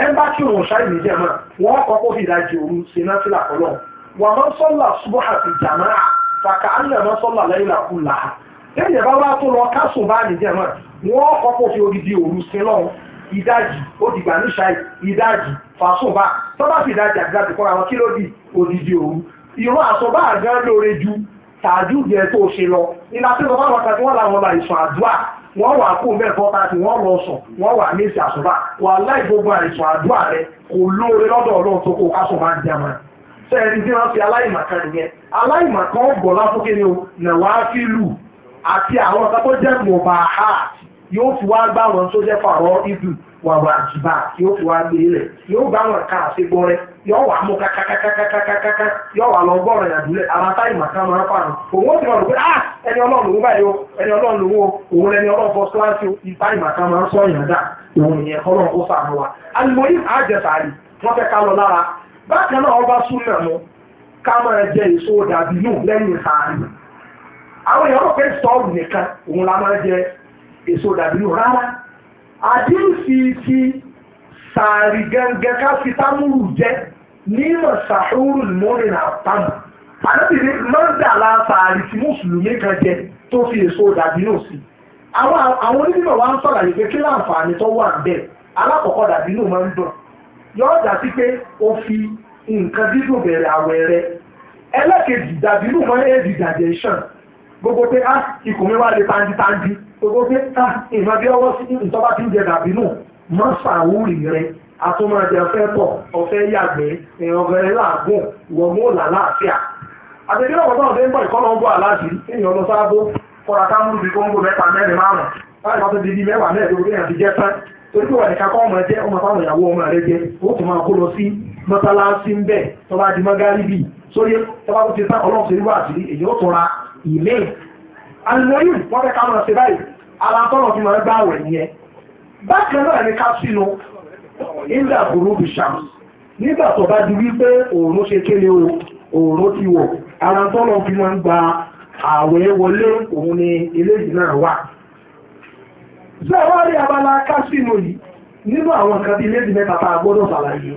ẹ̀ńbá tí òun ṣáà ní jẹ́mọ́ wọ́n kọ́kọ́ fi ìdajì òru ṣe náà sílà kọ́lọ́ wà máa ń sọ́là ṣubú àti jàmá fàkà á nà máa sọ́là lẹ́yìn làkú là á lẹ́yìn bá wá tó lọ káṣùn bá ní jẹ́mọ́ wọ́n kọ́kọ́ fi odidi òru ṣe lọ́wọ́ ìdajì odìgbà ní ṣáà ìdajì fàṣùnbà tọ́ba fi ìdajì àgbàdì kọ́ra wọn kí ló di odidi òru ìrún àṣọbá àgán lóore ju tààjú tó ṣe lọ ìlàsílọ bá wọn kàtí wọn làwọn la ìsùn àdúrà wọ́n wà kó bẹ́ẹ̀ fọ́ta tí wọ́n lọ sùn wọ́n wà ní ìsì àsùnbà wà láì gbogbo àìsàn àdúrà rẹ kò lóore lọ́dọ̀ ọlọ́run tó kó kásùn máa ń jẹ àmọ́ sẹ́ẹ̀rì tí wọ́n fi aláìmọ̀kan nìyẹn aláìmọ̀kan ọ̀gbọ̀ láfókè ni o nàwá fílù àti àwọn kan tó jẹ́ mọ̀bà heart yóò fi wá gbá wọn tó jẹ́ fàrọ̀ ibù wàwà àjìbá yóò fi wá gbé rẹ̀ yóò bá wọn ká gbọ́ rẹ̀ yóò wà mú kákákákákákáká yóò wà lọ gbọ́rọ̀ ìyàdúlẹ̀ àwọn táyì màkà máa òun ó ti rọrùn pé ah ẹni ọlọ́run o ẹni ọlọ́run lòun o òun lẹni ọlọ́run máa ń sọ ìyàdá òun ìyẹn kọ́lọ́run ó sàánú wa alimoyin àdínsì ti sàárì gangan ká fi támúrù jẹ nímọ̀ sàhúrù mọ́rin àtàmù àdébìnrin mọ́ndàlá sàárì tí mùsùlùmí kan jẹ tó fi èso dàbínú sí àwọn onímọ̀ wa ń sọ̀rọ̀ àyèké kí láǹfààní tó wà bẹ́ẹ̀ alákọ̀ọ́kọ́ dàbínú máa ń dùn yọ̀ọ́ dà sí pé ó fi nǹkan dídùn bẹ̀rẹ̀ àwẹ̀ rẹ̀ ẹlẹ́kejì dàbínú máa ń aid digestion gbogbo pé ah ikùn mi wá lè tanjitánjí gbogbo pé ah ìmọ̀ bí ọwọ́ sí ìtọ́ba tí ń jẹ dàbí nù mọ́ sàwúrì rẹ atúmọ̀jẹ ọ̀fẹ́ pọ̀ ọ̀fẹ́ yàgbẹ́ ẹ̀yọ̀gẹ̀rẹ̀ làágùn wọ̀mú làlàáfíà àtẹ̀jẹ́ náà wọ́n tẹ́ ń bọ̀ ìkọ́nà ọgbọ́ aláàjì èèyàn lọ sáábó fọ́ra kámúrú bíi kóńgò mẹ́ta mẹ́rin márùn-ún láti bá tó di bíi mẹ́wàá mẹ́ẹ̀ẹ́dógún èèyàn ti jẹ́ tán torí pé wà ní kakọ́ ọmọ ẹ̀jẹ̀ ọmọ fáwọn ìyàwó ọmọ rẹ jẹ ó tún máa kó lọ sí mọ́tálásí ń bẹ̀ tọ́ba di mọ́gárì sórí tọ́ba tó ti tán ọlọ́run ṣe rí èyí ó tún ra ìlé àlùmọ́yìn wọ́n fẹ́ ká máa ṣe báyìí ara tọ́lọ̀ fi máa gbá àwẹ̀ yẹn bákan náà ni ká sínú ìdá burúkú ṣàmù nígbà tó bá di wípé òòrùn ṣe kéde o òòrùn ti wọ̀ ara tọ́lọ̀ fi máa gba àwẹ̀ wọlé òun ni eléyìí náà wà. zẹ́wárí abala ká sínú yìí nínú àwọn nǹkan bíi méjì mẹ́ta tá a gbọ́dọ̀ ṣàlàyé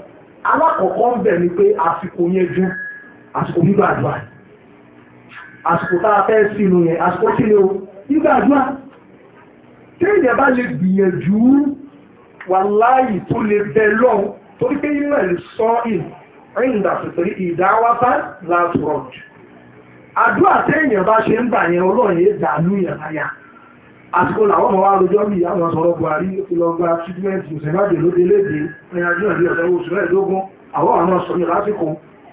alákọ̀ọ́kọ́ ń bẹ̀ ni pé àsìkò yẹn ju àsìkò gbígbàdúrà yìí àsìkò tá a fẹ́ sínú yẹn àsìkò kí ni o nígbà àdúrà tí èèyàn bá lè gbìyànjú wàláyì tó lè bẹ lọ́hùn torí pé ilẹ̀ lè sọ ìn ẹ̀yìndà pẹ̀lú ìdáwáfá last round àdúrà tí èèyàn bá ṣe ń bà yẹn ọlọ́run yẹn dànù yẹn láyà àsìkò làwọn ọmọ wa lójọ́ bí àwọn sọ̀rọ̀ Buhari ìlọgba títímẹ́ǹtì òsèmáde lóde léde ìrìnàjò ìrìn ọ̀sẹ̀ oṣù mẹ́ẹ̀ẹ́dógún àwọn àwọn sọ̀rọ̀ lásìkò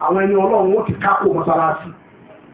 àwọn ẹni ọlọ́run ó ti kápò mọ́sálásí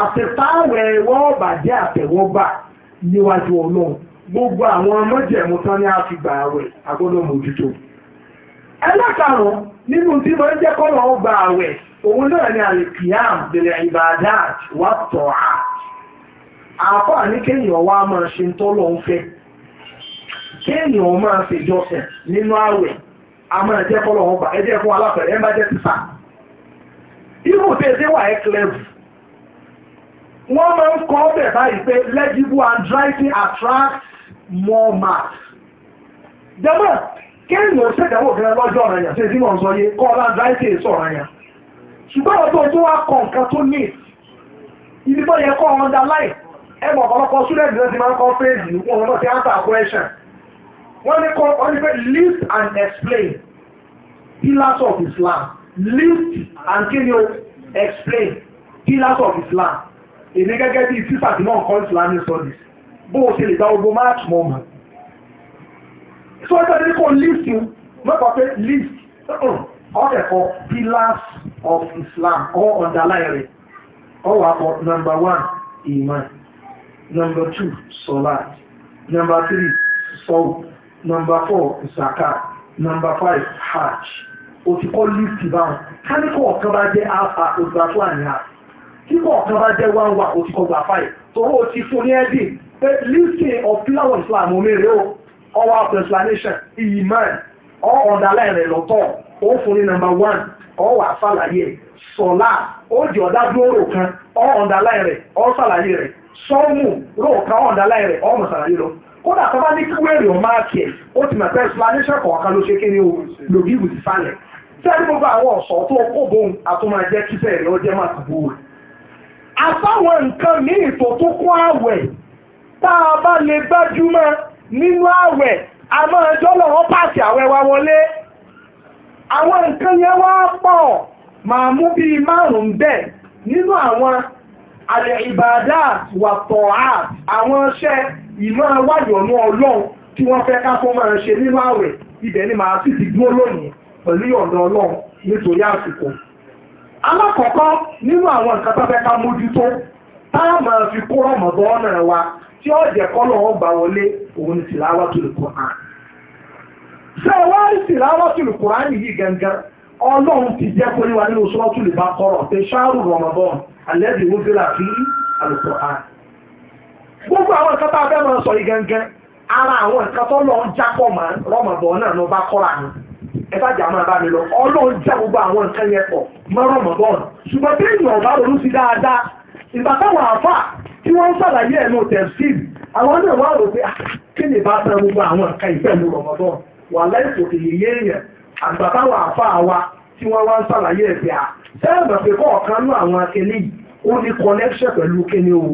àtẹ̀táwẹ̀ wọ́n bàjẹ́ àtẹ̀wọ́gbà níwájú ọlọ́run gbogbo àwọn mọ́jẹ̀mú tán ní àfìgbà àwẹ̀ agbọ́dọ̀ mójútó. ẹlẹ́karùn-ún nínú tí mo ń jẹ́ kọ́nà ọgbà àwẹ̀ òun náà ni àlìkìyàm bẹ̀rẹ̀ ìbàdàt wà tọ̀ á. àfọ́ àní kéèyàn wá máa ṣe ń tọ́lọ̀ ń fẹ́ kéèyàn máa ṣèjọsìn nínú àwẹ̀ a máa jẹ́ kọ́nà ọgbà ẹ jẹ́ fún aláfẹ̀rẹ̀ ẹ má jẹ́ títà. ibùdó ẹ̀dẹ́wà ẹ̀ kílẹ̀bù wọ́n máa ń kọ́ ọ́bẹ̀ báyìí pé legible handwriting attracts more marks. jẹ́mọ̀ kéèyàn ṣèdánwò fẹ́ lọ́jọ́ ọ̀ràn yẹn ṣe tí mò ń sọ yé kọ́ ọ́lá handwriting sọ̀rọ̀ yẹn ṣùgbọ́n ọ̀tọ̀ tó wá kọ̀ nǹkan tó ní ibi tó yẹ kọ́ underline ẹgbọ̀n ọ̀pọ̀lọpọ̀ students náà ti máa ń kọ́ phrase yìí wọ́n lọ́nà ti answer question wọ́n ní kọ́ ọ́ ní list and explain pillars of Islam list and kí ni explain pillars of Islam èmi gẹ́gẹ́ bíi sísà tí wọ́n kọ́ islamic studies bó o ṣe lè gba ogun máàkì mọ́ mà. so ẹgbẹ́ mi kò list yìí mẹ́kọ̀ọ́ pé list ọ̀kẹ́kọ̀ mm, pillars of Islam ọ̀ underline rẹ̀ ọ̀ wà number one iman number two solat number three sọ́ọ̀ number four zakat number five hajj òtí kọ́ list báwọn káníkọ̀ ọ̀kan bá jẹ́ alpha òtúbàtú àní àpò tí kọ̀ọ̀kan bá jẹ́ one one òtí kọgbà five tòró ti fún ní ẹ́dì pé listing of pillar islam omere o ọwọ́ of explanation iman ọ̀ ọ̀dàlẹ̀ rẹ̀ lọ́tọ̀ ó fún ní number one ọ̀ wà fàlàyé sọ̀lá ó di ọ̀dá dúró kan ọ̀ ọ̀dàlẹ̀ rẹ̀ ọ̀ sàlàyé rẹ̀ sọ́ọ̀mù rò kan ọ̀ ọ̀dàlẹ̀ rẹ̀ ọ̀ mọ̀ sàlàyé lọ kódà tó bá ní kíwèrè ọ̀ máa kẹ̀ ó ti mọ̀ pé explanation kọ̀ọ̀kan ló ṣe kí ni o lòdì ìwòsàn sálẹ̀ tẹ́lẹ̀ gbogbo àwọn ọ̀sọ̀ tó kó bóun àtúmọ̀ jẹ́ kíṣẹ́ rẹ̀ ó máa tàbó rẹ̀ àtàwọn nǹkan ní ìtòtúnkún àwẹ̀ tá a bá lè gbájúmọ́ nínú àwẹ̀ àmọ́ ẹjọ́ lọ́wọ́ pàṣẹ àwẹ̀ wa wọlé àwọn nǹkan yẹn wá pọ̀ màá mú bíi márùn-ún bẹ́ẹ̀ nínú àwọn àlẹ́ ìbàdà wàtọ̀ àwọn iṣẹ́ ìmọ̀ wáyọ̀nù ọlọ́run tí wọ́n fẹ́ ká fún máa ṣe nínú àwẹ̀ ibẹ̀ ni màá sì ti dúró lónìí pẹ̀lú ìyọ̀ǹda ọlọ́run nítorí àsìkò alákọ̀ọ́kọ́ nínú àwọn nǹkan tó fẹ́ ká mójútó tá a máa fi kó rọ̀mọ̀dọ́ ọ̀nà wa tí ó jẹ́ kọ́lọ̀ wọn gbà wọlé òun sì láwá tó lè kó hàn. ṣé wá sì láwá tó lè kó hàn yìí gangan ọlọ́run ti jẹ́ kó ní wa nínú sọ́ọ́tù lè bá kọ́rọ̀ pé ṣáàrù rọ̀mọ̀dọ́ àlẹ́bí wọ́n fẹ́ra fi àlùkò hàn. gbogbo àwọn nǹkan tá a fẹ́ máa sọ yìí gangan ara àwọn nǹkan tó lọ ń jápọ̀ mọ́ rọ̀mọ̀dọ́ náà ló ẹ bá jà máa bá mi lọ ọlọ́run já gbogbo àwọn nǹkan yẹn pọ̀ mọ́rọ̀ mọ́ bọ́ọ̀nù ṣùgbọ́n bí èèyàn ọ̀bá ronú sí dáadáa ìgbà táwọn àáfà tí wọ́n ń ṣàlàyé ẹ̀nu tẹ̀síìlì àwọn náà wá rò pé ah, kí ni bá san gbogbo àwọn nǹkan ìfẹ́nu rọ̀mọ́bọ́ọ̀nù wà láìpò èyí yéèyàn àgbà táwọn àáfà wa tí wọ́n wá ń ṣàlàyé ẹ̀sẹ̀ à sẹ́ẹ̀bà pé kọ̀ọ̀kan ní àwọn akẹ́lẹ́ yìí ó ní connection pẹ̀lú kíní o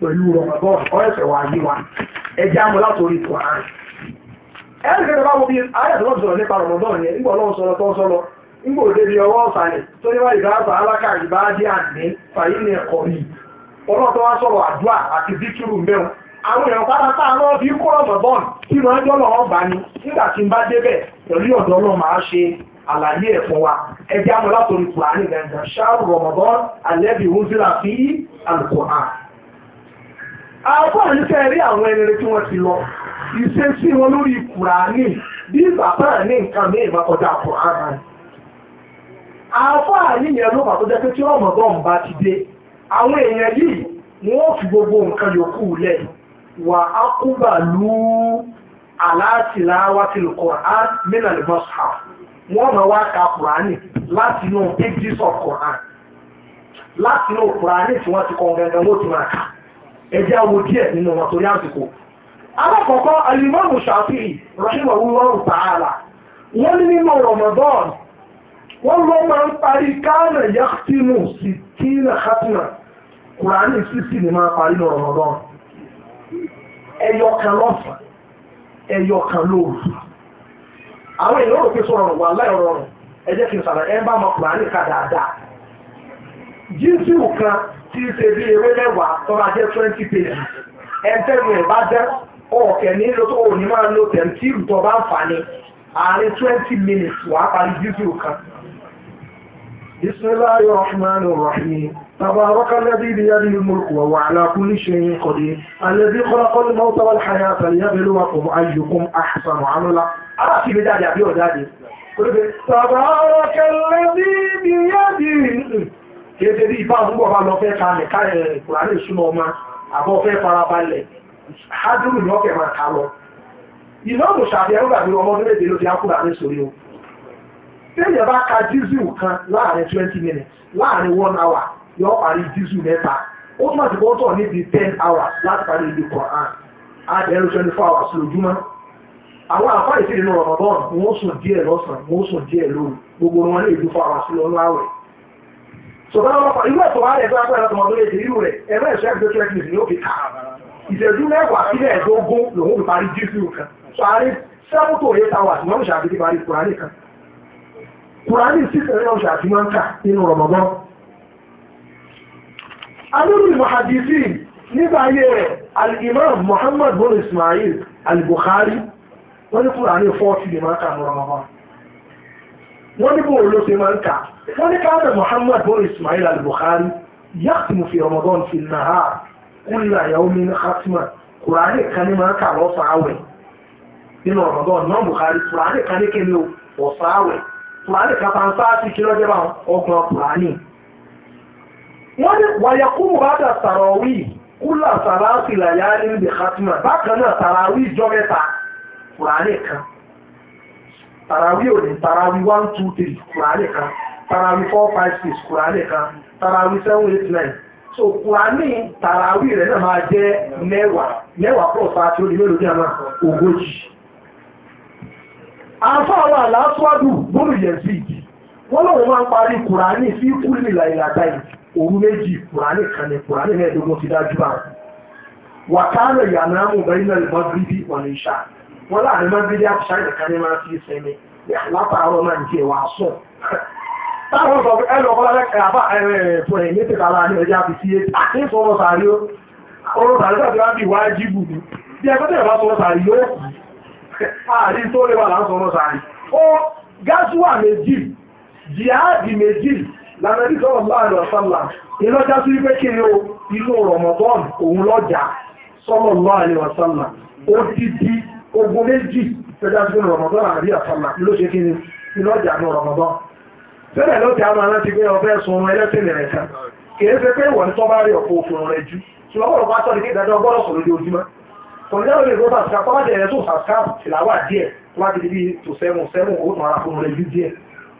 pẹ̀lú rọ̀mọ́bọ́ọ̀nù ọ̀ẹ́sẹ̀ wà yí wa ẹ̀jẹ̀ amúlátòrí kùránì ẹ̀ẹ́dẹ̀gbẹ̀rẹ̀ bá wo bí ayé tó sọ̀rọ̀ nípa rọ̀mọ̀dọ́n yẹn nígbà ọlọ́run sọ̀rọ̀ tó sọ̀rọ̀ nígbà òde bíi ọwọ́ ọ̀sàlẹ̀ tó ní wáyé alákà ìbá dé àdé ní ẹ̀kọ́ wá sọ̀rọ̀ àdúrà àti mẹ́rin àwọn èèyàn fi kó jọ́ lọ́wọ́ gangan àlẹ́bí fi hàn. àwọn rí àwọn ẹni tí lọ ìṣesí wọn lórí kùránì bí bàbá ní nǹkan mí ìmọ̀kọjá kùránì. àáfàá nìyẹn ló pàtó jẹ́ pé tí ọmọ bọ́ọ̀ bá ti dé àwọn èèyàn yìí wọ́n gbogbo nǹkan yòókù lẹ̀ wà á lu lú aláàtìláwá ti lù kùránì mínà lè wọ́n máa wá ka kùránì láti inú of kùránì láti inú kùránì tí wọ́n ti alákọ̀ọ́kọ́ alimọ́mù ṣàfihì rahimahullahu ta'ala wọ́n ní nínú ramadan wọ́n lọ ma ń parí káànà yàtìmù sí tíìnà khatima kùránì sísì ni máa parí ní ramadan ẹyọ kan ẹyọ kan àwọn èèyàn rò pé wà láì rọrùn kí n sàlàyé ẹ bá kùránì ká dáadáa kan tí ṣe bí ewé mẹ́wàá tó bá jẹ́ twenty pages ọ̀kẹ́ ní ló òní máa lo tẹ̀mtíìrù tó bá ń fà ní twenty minutes wà á parí fídíò kan. bisimilayi rahman rahim تبارك الذي بيده الملك وهو على كل شيء قدير الذي خلق الموت والحياة ليبلوكم أيكم أحسن عملا أرأتي بدادي أبي ودادي تبارك الذي بيده kéde bí ibà ń bọ̀ bá lọ fẹ́ ka nìka ẹ̀ kùránì súnmọ́ ọmọ àbọ̀ hádùrù ni ọkẹ máa lọ ìnáwó ṣàfihàn nígbà tí ọmọ ọdún méje ló o ka kan láàrin 20 minutes láàrin 1 hour yóò parí dísù mẹ́ta ó túmọ̀ níbi hours láti parí ibi Quran àdéhùn hours àwọn lọ sọ̀tàn ọlọ́pàá irú wa rẹ̀ tó wá ìṣẹ́jú mẹ́wàá sílẹ̀ ẹ̀dógún lòun fi parí jísù kan parí seven to eight hours ìmọ̀ òṣà àti parí kùránì kan kùránì six ẹ̀rẹ́ òṣà àti máa ń kà nínú rọ̀mọ̀gbọ́n. alórí mahadisi nígbà ayé rẹ̀ al-imam muhammad bin ismail al-bukhari wọ́n ní kùránì forty lè máa ń kà ní rọ̀mọ̀gbọ́n wọ́n ní bóòlù ló ṣe máa ń kà wọ́n ní káàdà muhammad bin ismail al-bukhari yàtìmù fi rọ̀mọ̀gbọ́n fi nàá kúlà yàwó mi ní khatima kùránì kan ní máa ń kà lọ́sàn nínú ọ̀rọ̀dọ̀ náà n'ubu kùránì kan ní kéde ọ̀sán áwẹ̀ kùránì kan fan sáàtì kí lọ́jọ́ bá ọgbọ̀n kùránì. wọ́n ní wàyà kú mùbádà sàrọ̀wì kúlà sàràsì làyà níbi khatima bákan náà sàràwì ìjọ kùránì one two three kùránì kan four five six kùránì kan seven eight nine so kùránì tàràwí rẹ̀ náà máa jẹ́ mẹ́wàá mẹ́wàá pọ̀ fà tí ó mélòó ní àmà ogójì àfáàwọ̀ àlàáfíàdù lórí yẹ̀zid wọ́n lọ́wọ́ máa ń parí kùránì sí kúlì làìlàdà òru méjì kùránì kan ní kùránì mẹ́ẹ̀ẹ́dógún ti dájú bá wàkánà yànnàmù bẹ́ẹ̀nà ní máa fi ń táwọn sọ pé ẹnu àbá ẹ̀fọ́ ẹ̀yìn ètò ìkàlà ni ẹja fi sí sọ ọ̀rọ̀ sàárì ó ọ̀rọ̀ sàárì sàbí wá bí ìwájú bù ní bí ẹgbẹ́ tẹ̀lé bá sọ̀rọ̀ sàárì yóò kù àrí tó lè wà láǹsọ̀ ọ̀rọ̀ sàárì ó gáṣúwà méjì jihadi méjì lànà sọ̀rọ̀ láàrin ọ̀sánlá ìlọ́jà sí pé kí o inú rọ̀mọ̀tọ́n òun lọ́jà sọ̀rọ̀ láàrin ọ̀sánlá ó ti di ogun méjì tẹ́jà sí àrí ọ̀sánlá ló ṣe kí ni ìlọ́jà ní rọ̀mọ̀tọ́n sẹ́lẹ̀ ló ti a máa rántí pé ọbẹ̀ sun ẹlẹ́sìn rẹ̀ kan kì í ṣe pé ìwọ̀n tó bá rí ọ̀pọ̀ òfin rẹ̀ jù ṣùgbọ́n ọ̀rọ̀ bá tọ́ni kí ìdájọ́ gbọ́dọ̀ sọ̀rọ̀ lójoojúmọ́ kò ní láwọn èèyàn sàkà kọ́ bá jẹ́ ẹ̀yẹ tó sàkà ìlàwà díẹ̀ tó bá ti di bíi tò sẹ́wọ̀n sẹ́wọ̀n ó tàn ara fún rẹ̀ jù díẹ̀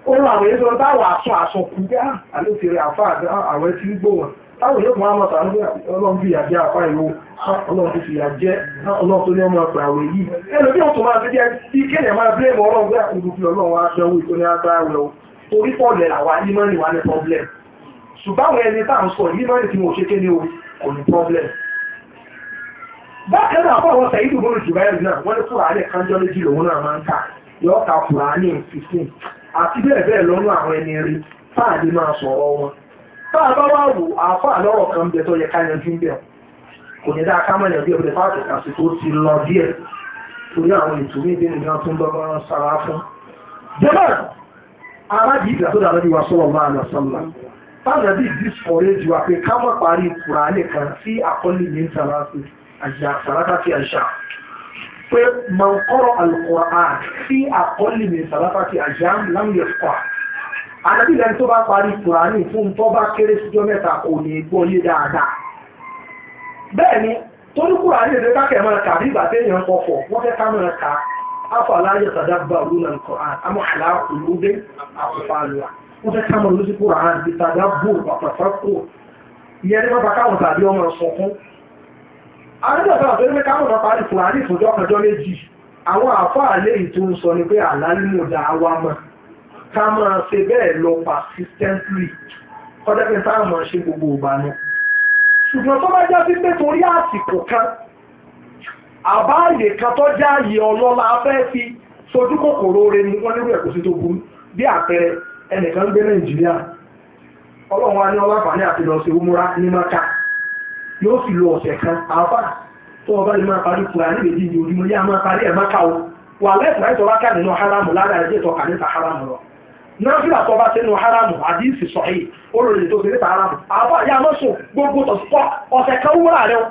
ohun àwọn èèyàn sọ̀rọ̀ táwọn aṣọ aṣọ kú bí ah, àlóòtìrẹ àfa ah, àwọn ẹtí gbò wọn táwọn èèyàn máa mọ̀ sàánú ọlọ́run fi ìyàjẹ́ àfa ìwo ah, ọlọ́run ti fi ìyàjẹ́ ọlọ́run tó ní ọmọ ọgbà àwẹ̀ yìí ẹlòmíràn tó máa ti jẹ́ bí kéèyàn máa bílẹ̀mù ọlọ́run bí àkùnrin fi ọlọ́run aṣọ owó ìtọ́ni agbára rẹ̀ o torí pọ̀lù ẹ̀ làwọn anímọ́ni wà ní problem ṣùgbọ́n àwọn ẹni tá à ń sọ anímọ́ni tí mo ṣe kéde o kò ní problem. bákan náà fọwọ́ sẹ́yìn tó bọ́ọ̀lù jùlọ ẹ̀rù náà wọ́n ní kúránì kanjọ́ méjì lòun náà máa ń kà yọ ká kúránì fifteen àti bẹ́ẹ̀ bẹ́ẹ̀ lọ́nà àwọn ẹni rí táà ní máa sọ̀rọ̀ wọn. táà bá wá wò àáfàá lọ́rọ̀ kan bẹ tó yẹ ká yanjú bẹ́ẹ̀ kò ní dáa ká mọ̀ yàn bí ọ̀bẹ̀ fáàtì àsìkò ti lọ díẹ̀ torí àwọn ètò mi bí nìkan tún bọ́ bọ́ sára fún. jẹ́bẹ̀rẹ̀ arábì ìgbà tó dàbí wa sọ́wọ́ máa nà sọ́lá tánàbí discourage wa pé ká má parí kùránì kan sí àkọlé ní sàlásì àjà sàlátà sí àṣà pé man kọ́rọ̀ alukọ̀rán sí àkọlé ní sàlátà sí àjà lámìlẹ̀ fọ́ àdàbí ìlànà tó bá parí kùránì fún tó bá kéré síjọ́ mẹ́ta kò ní gbọ́ yé dáadáa bẹ́ẹ̀ ni tó ní kùránì èdè máa kà bí ìgbà téèyàn kọ̀ọ̀kọ̀ wọ́n fẹ́ ká máa kà á afọ̀lá yẹ sàdá bá òun náà kọ̀ án àmọ́ àlá olóde àkọ́fà lọ́wọ́ ó fẹ́ ká mọ̀ lóṣù kó rà án bí sàdá bò pàpàpà kò ìyẹn ní bàbá káwọn tàbí ọmọ sọ fún. àdúgbò sọ̀rọ̀ tó ní pé káwọn bàbá àdìfò àdìfòjọ́ kanjọ́ méjì àwọn àfáàlẹ́ yìí tó ń sọ ni pé àlá nínú ìdá wa mọ̀ ká máa ṣe bẹ́ẹ̀ lọ persistently kọ́dẹ́pẹ́ táwọn ṣe gbogbo ìgbà ṣùgbọ́n tó bá jẹ́ sí pé torí àsìkò kan àbáàyè kan tó já ààyè ọlọ́lá fẹ́ fi sojú kòkòrò rẹ ni wọ́n lérò ẹ̀kọ́ sí tó burú bí àpẹẹrẹ ẹnìkan gbé nàìjíríà ọlọ́run wa ní ọlọ́pàá ní umura ní maka yóò sì lo ọ̀sẹ̀ kan àáfà tó ọba yìí máa parí kura ní ibi ìdí ojúmọ́ yá máa parí maka o wà lẹ́sìn nínú haramu lára ẹ̀jẹ̀ níta haramu lọ tó bá sínú haramu àdìsí sọ̀hìn tó gbogbo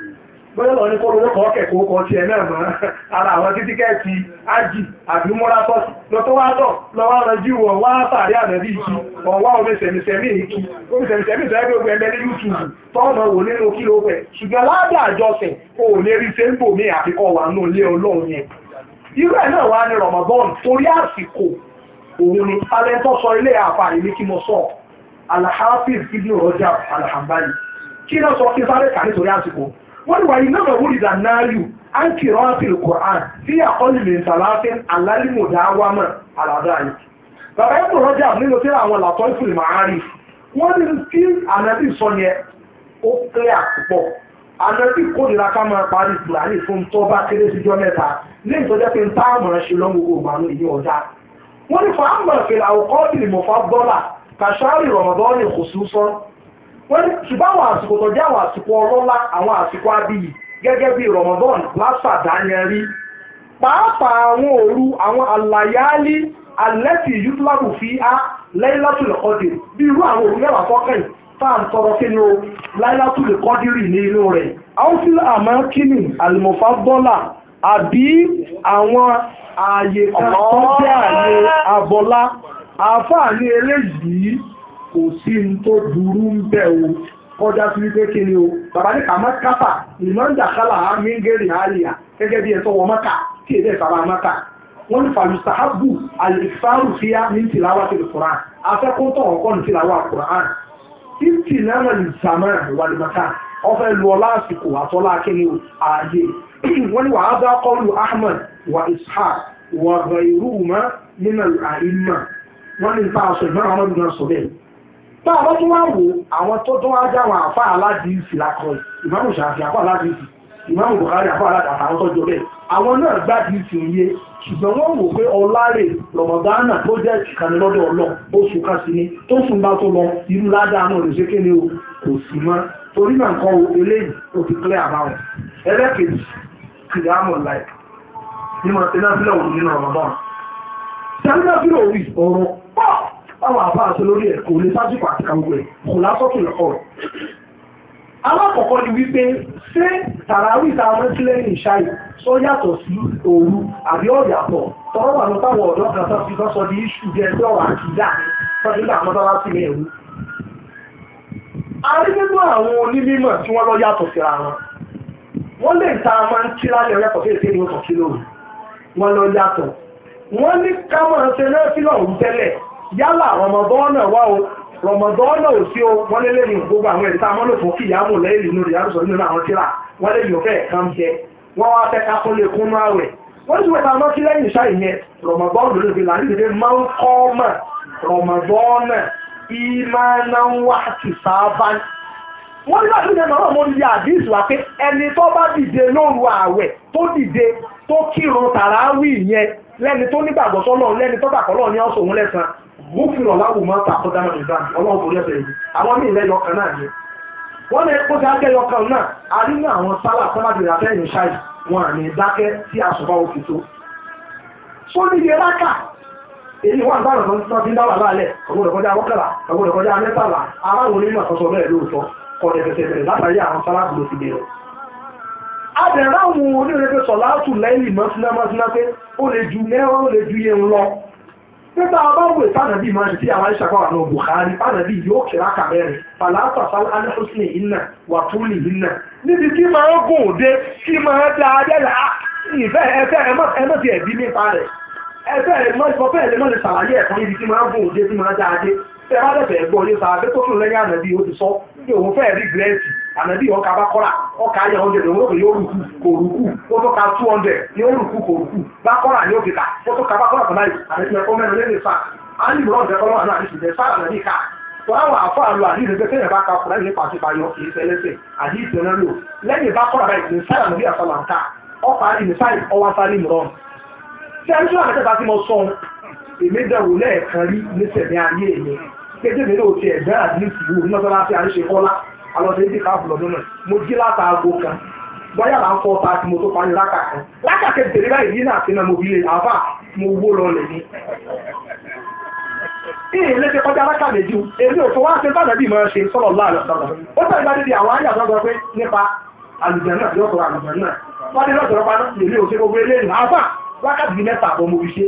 bóyá lọ ní kó lówó kọ́ kẹ̀kọ́ kọ́ tiẹ̀ náà mọ́ ara àwọn títí kẹ́ẹ̀tì ájì àbí múratọ́sì lọ́tọ́ wá tọ̀ lọ́wọ́ rẹjú wọ̀ wá tàrí àdàbí ìkí ọ̀wá omi sẹ̀mìsẹ̀mì ìkí omi sẹ̀mìsẹ̀mì ìtọ́ ẹgbẹ́ ogun ẹgbẹ́ ní YouTube tọ́ọ̀nà wò o ò lè mi àfikọ́ wà nù kí al wọ́n ní wàyí náà wúri dà náàlù á ń kìrọ́ àpìlì Qur'an sí àkọlùmí sàlátìn alálìmọ̀dá wámọ̀ àlàdá yìí. bàbá ẹ̀kọ́ rọ́jà nínú tí àwọn làtọ́ ìfìlì máa rí wọ́n ní kí ànábì sọ yẹn ó kílẹ̀ àpọ̀ ànábì kórìíra ká máa parí Kùránì fún tọ́ bá kéré síjọ́ mẹ́ta ní ìtọ́jẹ́ pé ń tá àmọ̀ ṣe lọ́gbogbo ìmọ̀ ìyẹn ọ̀dà wọ́n ní fàámọ̀ fèrè àwòkọ́ ìlìmọ̀fà dọ́là kàṣáàrì rọ̀mọ̀dọ́ ní kòsùsọ́ wọ́n ní ṣùgbọ́n àwọn àsìkò tó jẹ́ àwọn àsìkò ọlọ́lá àwọn àsìkò abiyì gẹ́gẹ́ bí Ramadan lásà dányẹrí pàápàá àwọn òru àwọn àlàyálí alẹ́tì yúdúlábù fi á Laylatul Qadr bí irú àwọn òru mẹ́wàá tọ́kàn táà ń tọrọ kí ni o Laylatul Qadr ní inú rẹ̀ áwùsíl àmọ́kínì àlùmọ̀fábọ́là àbí àwọn ààyè kan tó jẹ́ ààyè àbọ̀lá àfáà ní eléyìí kò sí ní tó burú ń bẹ̀ o kọjá sí wípé kí ni o bàbá ní kàmọ́ kápá ìmọ̀ǹdà kálá mingeri àríyá gẹ́gẹ́ bí ẹ̀tọ́ wọ mọ́kà kí èdè sábà mọ́kà wọ́n ní fàlùsàhábù àlìfáàrù fíyà ní tìláwà tó kùrán afẹ́kùntàn ọ̀kọ́ ní tìláwà kùrán títì náà lè sàmọ́rà wàlùmọ́kà ọfẹ́ lu ọlá àsìkò àtọ́lá akíní ààyè wọ́n ní wàá bá kọlu ahmed wa ishaq wa ghayruma nínú àìmọ̀ wọ́n ní nípa àṣọ ìmọ̀ràn ọmọdún náà sọ bẹ́ẹ̀ tá a bá tún wá wò àwọn tó tún wá jáwọn àfa aládìísì lakọ ìmáàmù ṣàfihàn àfa aládìísì ìmáàmù bùkárí àfa aládìísì àtàwọn tó jọ bẹ́ẹ̀ àwọn náà gbádìísì ń yé ṣùgbọ́n wọ́n wò pé ọláre rọ̀mọ̀dánà project kan lọ́dọ̀ ọlọ́ oṣù kan sí ni tó sùn bá tó lọ irú ládàá náà lè ṣe kéde o kò sí mọ́ torí náà kọ́ o eléyìí o ti clear about ẹlẹ́kejì kìlámù láì nínú ẹ̀sìn náà sílẹ̀ òun nínú rọ̀mọ̀dánà sẹ́ńtẹ́ sílẹ̀ òwì ọ̀rọ̀ pọ̀ táwọn àbá àti lórí ẹ̀ kò lè sásìkò àti kàwé kò lásọ̀kì ọ̀rọ̀. alákọ̀ọ́kọ́ ni wípé ṣé tàràwí ta mẹ́tílẹ́yìn ìṣáyè sọ yàtọ̀ sí òru àbí ọ̀yàtọ̀ tọ́rọ̀ wà lọ táwọn ọ̀dọ́ kan tó fi sọ di iṣu jẹ ẹgbẹ́ ọ̀rọ̀ àkìdá tọ́jú náà mọ́tọ́lá sí ní ẹ̀rú. a rí nínú àwọn onímọ̀ tí wọ́n lọ yàtọ̀ síra wọn wọ́n lè ta máa ń kí lálẹ́ rẹ̀ kọ̀ọ̀kẹ́ ìṣe ni wọ́n kàn kí lóru wọ́n lọ yàtọ̀ wọ́n ní ká máa ṣe lẹ́fílọ̀ òun tẹ́lẹ̀ yálà rọmọdọ́nà wá o rọmọdọ́nà ò sí o wọ́n lélẹ́ ní gbogbo àwọn ẹ̀ta amọ́lòfún kí ìyàmù lẹ́yìn nínú rẹ̀ yàtọ̀ nínú àwọn tíra wọ́n lè yọ̀fẹ́ kan jẹ wọ́n wá fẹ́ ká kún lè kúnú àwẹ̀ wọ́n ti wẹ̀ta mọ́ kí lẹ́yìn iṣá ìyẹn rọmọdọ́nà ló fi láti lè máa ń kọ́ mọ̀ rọmọdọ́nà ìmọ̀nà wà ti sábà wọ́n ní láti ní ẹ̀mọ́ ọmọ ní àdìs wá pé ẹni tó bá dìde lóru ààwẹ̀ tó dìde tó kírun tàràwì yẹn lẹ́ni tó nígbàgbọ́ sọ́lọ́run lẹ́ni tó gbàgbọ́ lọ́run ní ọ̀sọ̀ òun lẹ́sàn-án múfìrọ̀ láwù máa tà kọ́dá náà nìkan ọlọ́run torí ẹ̀bẹ̀ yìí àwọn míì lẹ́yọ kan náà ni wọ́n lè kó dákẹ́ yọ kan náà a rí ní àwọn sálà sábàdì ìrafẹ́ ìrìn ṣáì wọn àmì dákẹ́ tí àṣùbá òkè tó só ní iye rákà èyí wà nígbà tó ń tọ́ sí dáwà láàlẹ̀ ọgbọ́dọ̀ kọjá wọ́kàlà ọgbọ́dọ̀ kọjá mẹ́tàlá aráwọ̀ onímọ̀ àkọsọ bẹ́ẹ̀ lóòótọ́ kọ̀ọ̀dẹ̀ fẹsẹ̀ bẹ̀rẹ̀ látàrí àwọn sálà gbòdò ti bẹ̀rẹ̀ adẹ̀ráwọ̀ onírẹ́fẹ́ sọ̀lá tù lẹ́yìn mọ́sínámọ́síná pé ó lè ju mẹ́rán ó lè ju iye ń lọ nígbà ọba wò sànàbí máa ń tí àwọn ìṣàkọ́ àwọn Buhari sànàbí yóò kíra kàmẹ́rin fàlàtà alẹ́kùsìn iná wà túlì iná níbi tí máa ń gùn dé tí máa da adẹ́lẹ̀ á ah, ìfẹ́ ẹfẹ́ ẹmọ́ ti ẹ̀bí nípa rẹ̀ ẹfẹ́ ẹmọ́ ìfọ́fẹ́ ẹ̀lẹ́ mọ́ ṣàlàyé ẹ̀kan níbi tí máa gùn dé tí máa da adé tẹ́ bá dẹ̀ fẹ́ gbọ́ ànàbí ọkà bá kọ́ra ọkà ayé hundred òun òkè yóò rúkú kò rúkú ó tó ka two hundred yóò rúkú kò rúkú bá kọ́ra ní òkè ká ó tó ka bá kọ́ra tọ́lá yìí ànàbí ẹ̀kọ́ mẹ́rin lé ní sá àní mìíràn ọ̀dẹ́ kọ́lọ́ àná àdìsí bẹ́ẹ̀ sá ànàbí ká tó àwọn àfọ àlọ àdìsí bẹ́ẹ̀ sẹ́yìn bá ka kọ́ra yìí pàṣẹ bayọ kì í sẹ́lẹ́sẹ̀ àdìsí náà lò lẹ́yìn bá kọ́ra báyìí ní sáyà nàbí àfọlàǹkà ọkọ̀ àdì ní sáyà ọwọ́ sáré mìíràn ṣé ẹni tó wà lẹ́sẹ̀ bá ti mọ sọ èmi dẹ̀wò lẹ́ẹ̀kan rí nísẹ̀mí ayé mi kéde mi ló ti ẹ̀gbẹ́ àdìsí wò ní mọ́tọ́lá tí a ń ṣe alọ́dẹ ti káàfù lọ́dún náà mo jí látàgò kan bóyá là ń fọ́ ta tí mo tó parí lákà kan lákà kẹtẹ̀lé báyìí yìí náà sí náà mo fi lè àbá mo wó lọ lè ní. ìyìn lè ṣe kọjá lákà méjì èmi ò fọwọ́ ṣe bá dàbí ìmọ̀ràn ṣe sọ̀rọ̀ láàrọ̀ sọ̀rọ̀ ó sọ̀rọ̀ ìbá dédé àwọn àyà sọ̀rọ̀ pé nípa àlùjẹ̀ náà yóò sọ̀rọ̀ àlùjẹ̀ náà wọ́n dé lọ́sọ̀rọ̀ pa náà èmi ò ṣe gbogbo eléyìí àbá wákàtí mẹ́ta àbọ̀ mo fi ṣe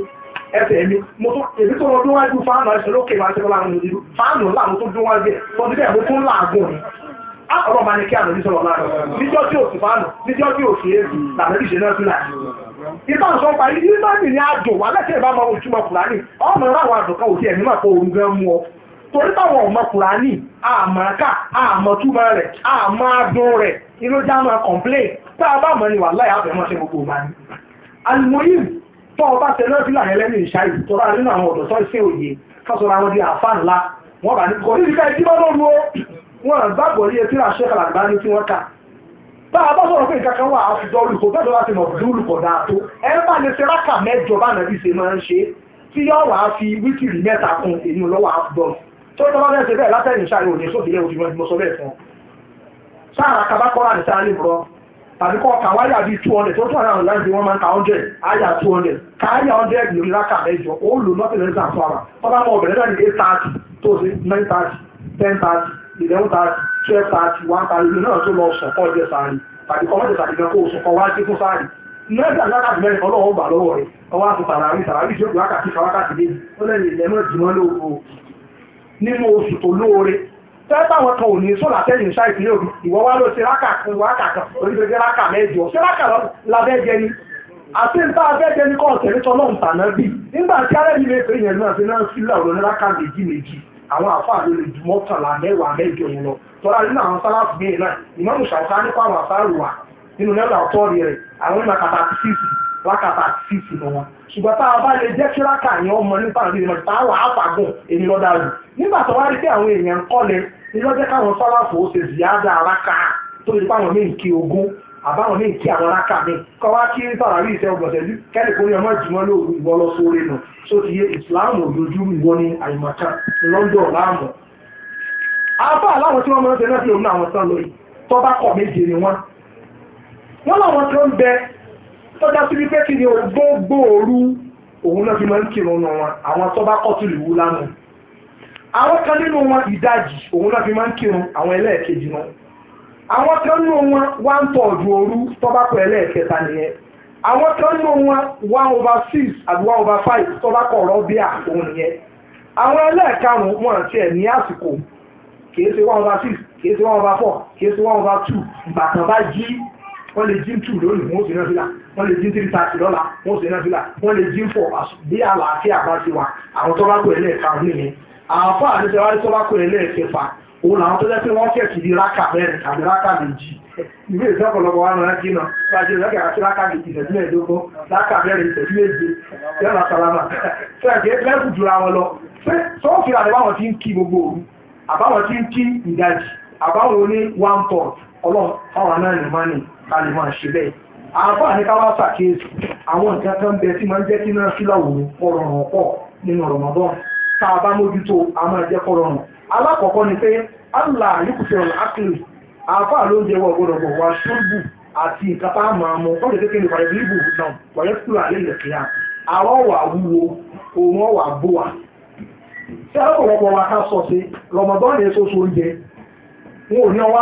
ẹsẹ̀ mi mo tún èmi tó lọ dún wájú fáànù àìsàn lókè máa ṣe lọ́la àwọn òdìdú fáànù làwọn tó dún wájú ẹ̀ tọ́jú bẹ́ẹ̀ mo tún làágùn ni ọlọ́run bá ní kí ànàbí sọ̀rọ̀ láàrọ̀ níjọ́ tí ò sì fánù níjọ́ tí ò sì èsì làbẹ́bí ṣe náà sílẹ̀. ìbá ń sọ pa yìí má nì ní àjò wà lẹ́sẹ̀ ìbá máa ojúmọ̀ kùránì ọmọ ìràwọ̀ àdùnkan òsì ẹ̀mí máa kó oorun gan mú ọ. torí táwọn ọmọ kùránì àmọ́ká àmọ́túmọ̀ rẹ̀ àmọ́ adùn rẹ̀ inú já máa kọ̀m̀plẹ̀n tá a bá mọ̀ ní wàhálà yà bẹ̀rẹ̀ mọ́ṣẹ́ gbogbo wa ni. alimoyim tó ọba tẹ̀lé ọdún láàrin ẹlẹ́nu ìṣáyì tó rà nínú àwọn ọ̀dọ́ tó ń ṣe òye fásọ̀rọ̀ àwọn di àfa ńlá wọ́n bá ní kọ́ níbi ká ẹjí bá lọ́nu wọn gbàgbọ́ rí etí àṣẹ kàlàgbà ní tí wọ́n kà bá a bá sọ̀rọ̀ pé nǹkan kan wà á fi dọ́ọ̀lù kò bẹ́ẹ̀ lọ́wọ́ àti mọ̀ọ́dúnlù kọ̀ dáa tó ẹ bá lè ṣe rákà mẹ́jọ bá nàbí ṣe máa ń ṣe tí yóò wá fi wítìrì mẹ́ta kún èyí lọ́wọ́ á fi dọ́ọ̀lù tó tọ́ bá bẹ́ẹ̀ ṣe bẹ́ẹ̀ látẹ̀yìn ṣáà yóò ní sóde yẹn òfin mo sọ bẹ́ẹ̀ fún ọ. sáà àkàbá kọ́ra ní sáà lè bọ̀ tàbí kọ́ ọ̀kà wáyà bíi two hundred tó tún àwọn àwọn láti wọ́n máa ń ka hundred àyà two hundred ká àyà hundred lórí rákà mẹ́jọ ó lò lọ́sẹ̀ lẹ́sẹ̀ àtọ́ àrà tọ́ bá eleven thirty twelve thirty one thirty ìlú náà tó lọ sùn kọ́ jẹ tàbí kọ́ mọ́tò tàbí kó sùn wá sí fún sáré lẹ́gbẹ̀ẹ́ alákàtì mẹ́rin ọlọ́wọ́ gbà lọ́wọ́ rẹ̀ ọwọ́ àti tàràrí tàràrí ìṣègùn wákàtí kàwákàtí méjì ó ilẹ̀ jùmọ́ nínú oṣù tó lóore wọn kan ò ní sọ́là ìwọ wá ló ṣe kan àwọn àfáà ló lè ju mọ́kànlá mẹ́wàá mẹ́jọ yẹn lọ tọ́lá nínú àwọn sáláàfù bíi náà ìmáàmù ṣàwùká nípa àwọn àfáàrù wa nínú lẹ́wọ̀n àtọ́ọ̀rì rẹ̀ àwọn ìmọ̀ kàtà sísì lákàtà sísì lọ wọn ṣùgbọ́n tá a bá lè jẹ́ kíráka yẹn ọmọ nípa àwọn ìmọ̀ tá a wà á fàgùn èmi lọ́dà rù nígbà tó wá rí pé àwọn èèyàn kọ́lẹ̀ ni lọ́jẹ́ káwọn sáláàfù ó ṣe ziyada araka tó lè pàwọn méjì ogún àbáwọn ní ìkí àwọn rákà mi kọ́ wá kí ní tàràrí ìṣẹ́ ọgbọ̀sẹ̀lú kẹ́lẹ̀ kórí ọmọ ìjùmọ́ lóòrù ìwọ lọ sóore nù tó ti yé ìsìláàmù òjòjú ìwọ ní àyùmọ̀ká lọ́ńdọ̀ láàmù. afá aláwọ̀ tí wọ́n mọ̀ ṣe náà sí òun àwọn sàn lórí tó bá kọ̀ méje ni wọ́n. wọ́n láwọn tó ń bẹ tọ́já sí wípé kí ni gbogbo òru òun náà fi máa ń kírun nù wọn àwọn tó bá kọ̀ tó lè wú lánàá àwọn kan nínú wọn ìdajì òun náà fi máa ń kírun àwọn ẹlẹ́ẹ̀kejì náà àwọn kan nù wọn one third òru tọ́ba pẹ̀lẹ́ ẹ̀kẹta nìyẹn àwọn kan nù wọn one over six àbí one over five tọ́ba kọ̀ ọ̀rọ̀ bí àkóhùn nìyẹn àwọn ẹlẹ́ẹ̀karùn-ún wọn àti ẹ̀ ní àsìkò kìí ṣe one over six kìí ṣe one over four kìí ṣe one over two ìbàkan bá jí wọ́n lè jí two lónìí wọ́n sì náà fi là wọ́n lè jí three thirty lọ́la wọ́n sì náà fi là wọ́n lè jí four bí àlàáfíà bá ti wà àwọn tọ́lákò ẹlẹ́ẹ̀karùn-ún nìyẹn àáfàá àti tẹ́wárí tọ́lákò ẹlẹ́ẹ̀kẹfà òun na tó jẹ́ pé wọ́n kẹ̀ kìí ka mẹ́rin tàbí ráka méjì ìwé ìsọ́pọ̀lọpọ̀ wa náà kí náà wájú ìrẹ́kẹ̀ àti ráka méjì tẹ̀sí mẹ́ẹ̀ẹ́dógún ráka mẹ́rin tẹ̀sí méje yọ̀nà sálámà fẹ́ẹ̀kẹ́ lẹ́kù jura wọn lọ sọ́ọ̀fì àdébáwọn ti ń kí gbogbo òru àbáwọn ti ń kí ìdajì àbáwọn oní one third ọlọ́run alákọ̀ọ́kọ́ ni pé allah yíkùsẹ̀ akílì afọ ló ń jẹ́wọ́ ọgbọ́dọ̀ pọ̀ wá ṣúrùbù àti ìkápá máa mọ ọjọ́ kékeré ya bíbù náà wọ̀nyẹ́ kúrò wa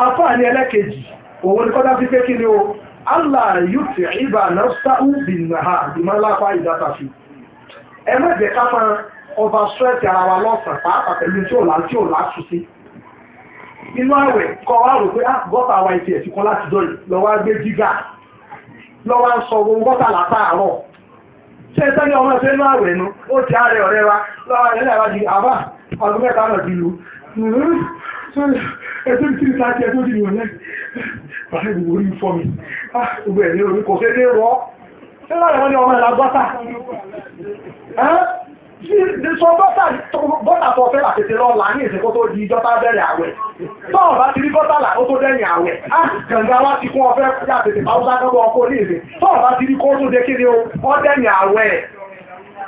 afọ ẹlẹ́kejì òun ni kọ́dá sí o allah ìbà náà sáú bì ìdátàfi ẹ má ọba sọ́ẹ̀tì ara wa lọ́sàn pàápàá pẹ̀lú tí ò láti ò láti sí inú àwẹ̀ kọ́ wa rò pé ah, gọ́tà wa ẹ̀sìn kan láti dọ́yìn lọ́wọ́ jígà lọ́wọ́ sọ gọ́tà ṣé ọmọ inú àwẹ̀ nu ó ẹ̀tọ́ bí kìrìtà kí ẹ̀tọ́ bí ìwọ̀n lẹ́yìn wàá ní orí fọ́ mi gbogbo ẹ̀yìn orí kò fẹ́ẹ́ rọ́ ṣé láyé wọ́n ní ọmọ ìlà bọ́tà sọ bọ́tà tó fẹ́ àtètè lọ là ní ìsìnkú tó di ìjọba bẹ̀rẹ̀ àwẹ̀ tọ́ọ̀ bá ti rí bọ́tà là ó tó dẹ́yìn àwẹ̀ á ah, gàǹgà wá ti kún ọfẹ́ àtètè bá ó sá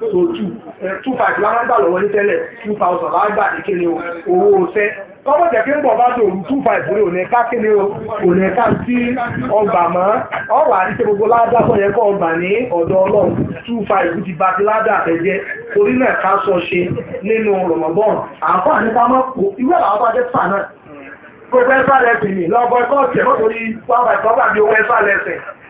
so two eh, two five la máa ń gbà lọ́wọ́ two thousand la gbà ní kéde owó ọ̀sẹ̀ tọ́wọ́ jẹ́ pé ń bọ̀ bá tó òru two five rẹ̀ òní ẹ̀ka kéde òní ẹ̀ka sí ọgbà mọ́ ọ̀rọ̀ àti gbogbo ládà tó yẹ kó ọgbà ní ọ̀dọ̀ ọlọ́run two five ti bá ti ládà àtẹ̀jẹ́ torí náà ká sọ ṣe nínú rọ̀mọ̀bọ́n àǹfààní pa mọ́ ìwé àwọn bá jẹ́ fà náà gbogbo ẹ̀fà lẹ́sìn ni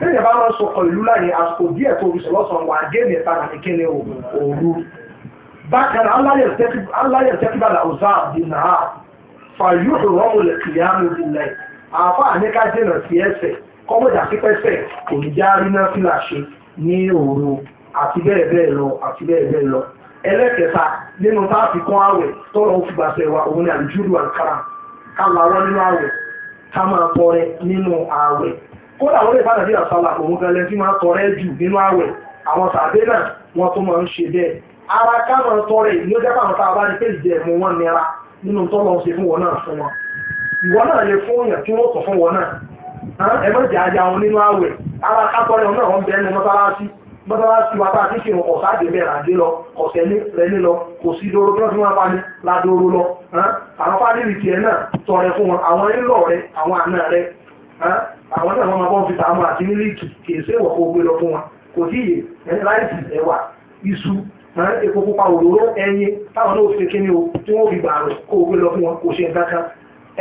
tẹ́lẹ̀ bá máa ń sọkọ̀ ìlú láàrin àsìkò díẹ̀ tó orí sọlọ́sàn wà géèmì ẹ̀ta àti kíni òru bákan aláyẹ̀ tẹ́kíbàlà ọ̀zá àbínà fàyú ìrọ́mùlẹ̀ kìlíàmù ìbílẹ̀ àfa àníká dènà sí ẹsẹ̀ kọ́mọ̀dà sípẹ́sẹ̀ kò ní já rí náà fìlà ṣe ní òru àti bẹ́ẹ̀ bẹ́ẹ̀ lọ àti bẹ́ẹ̀ bẹ́ẹ̀ lọ ẹlẹ́kẹta nínú táàfì kan àwẹ̀ tọ́lọ̀ ó fi gbàṣẹ wa kódà wọ́n lè bá nàìjíríà sálà òun gan lẹ́sí máa tọrẹ jù nínú àwẹ̀ àwọn sàbẹ̀ náà wọ́n tún máa ń ṣe bẹ́ẹ̀ ara ká máa tọrẹ ìlú ọjọ́ pàmò tá a pé ìjẹ́ ẹ̀mú wọn nira nínú tó lọ ṣe fún wọn náà fún wọn ìwọ náà lè fún yàn tí fún wọn nínú àwẹ̀ ara ká tọrẹ wọn náà wọ́n bẹ́ẹ̀ ní mọ́sálásí wa tá a ti ṣe ọ̀sá ràdé lọ ọ̀sẹ̀ àwọn náà wọ́n máa bọ́ fi tààmù àti mílíkì kìí ṣe ìwọ̀ kó gbé lọ fún wa kò tí yè ẹni láìsí ẹ̀wà iṣu epo pupa òróró ẹyin táwọn náà fi kékeré o tí wọ́n fi gbààrọ̀ kó gbé lọ fún wọn kò ṣe nǹkan kan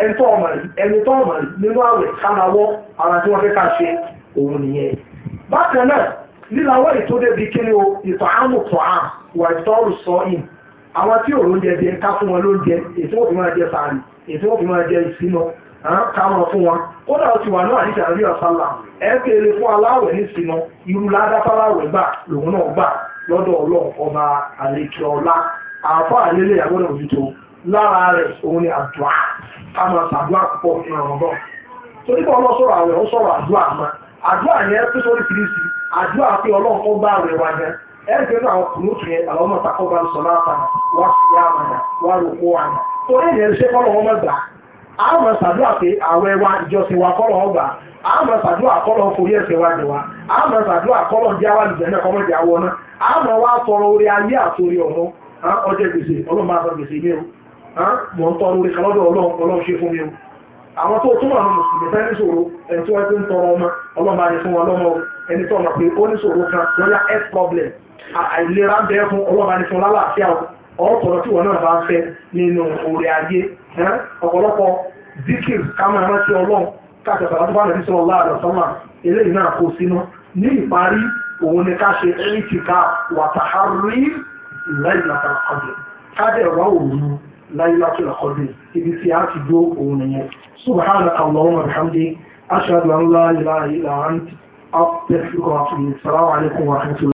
ẹni tó ọmọ rí ẹni tó ọmọ rí nínú àwẹ̀ kárawọ́ ara tí wọ́n fẹ́ ká ṣe òun nìyẹn bákan náà lílawọ́ ìtòdé bíi kí ni o ìtọ̀ àmù tọ̀ àm wà ìtọ́rù sọ ìn àwọn tí òun jẹ jẹ ká fún wọn lóúnjẹ èyí tí wọ́n fi máa jẹ sàárì èyí tí wọ́n fi máa jẹ ìsínà kámọ̀ fún wọn kódà ó ti wà náà níta rí ọ̀sálà ẹ kéèrè fún aláwẹ̀ nísìnà irú ládáfáláwẹ̀ gbà lòun náà gbà lọ́dọ̀ ọlọ́run ọba àlejò ọlá àlélẹ̀ àgbọ̀dọ̀ òjútó lára rẹ̀ òun ni àdúrà púpọ̀ sọ̀rọ̀ àwẹ̀ ó sọ̀rọ̀ àdúrà mọ́ àdúrà yẹn sórí kìrìsì àdúrà pé ọlọ́run bá rẹ̀ wá kùnú ọmọ àmọ̀ sàdúrà pé àwẹ̀ wa ìjọsìn wa kọ́lọ̀ ọgbà sàdúrà kọ́lọ̀ forí wa wa sàdúrà kọ́lọ̀ jẹ́ àwọn náà kọ́mọ̀jẹ́ wa tọrọ orí ayé àtòrí ọ̀run ọjọ́ gbèsè ọlọ́run máa gbèsè mi o mọ̀ ń tọrọ orí kalọ́dọ̀ ọlọ́run ṣe fún mi o àwọn tó túmọ̀ ọ̀pọ̀lọpọ̀ tí wọ́n náà bá fẹ́ nínú orí ayé ọ̀pọ̀lọpọ̀ zikir kámọ́ ẹ̀rọ sí ọlọ́run káṣẹ̀ sàrà tó bá nàbí sọ̀rọ̀ láàrọ̀ sọ́mà eléyìí náà kó sínú ní ìparí òun ni ká ṣe ẹ̀ríkìká wàtàhárí láìlàtà ọ̀dẹ̀ kájẹ̀ wá òru láìlàtà ọ̀dẹ̀ ibi tí a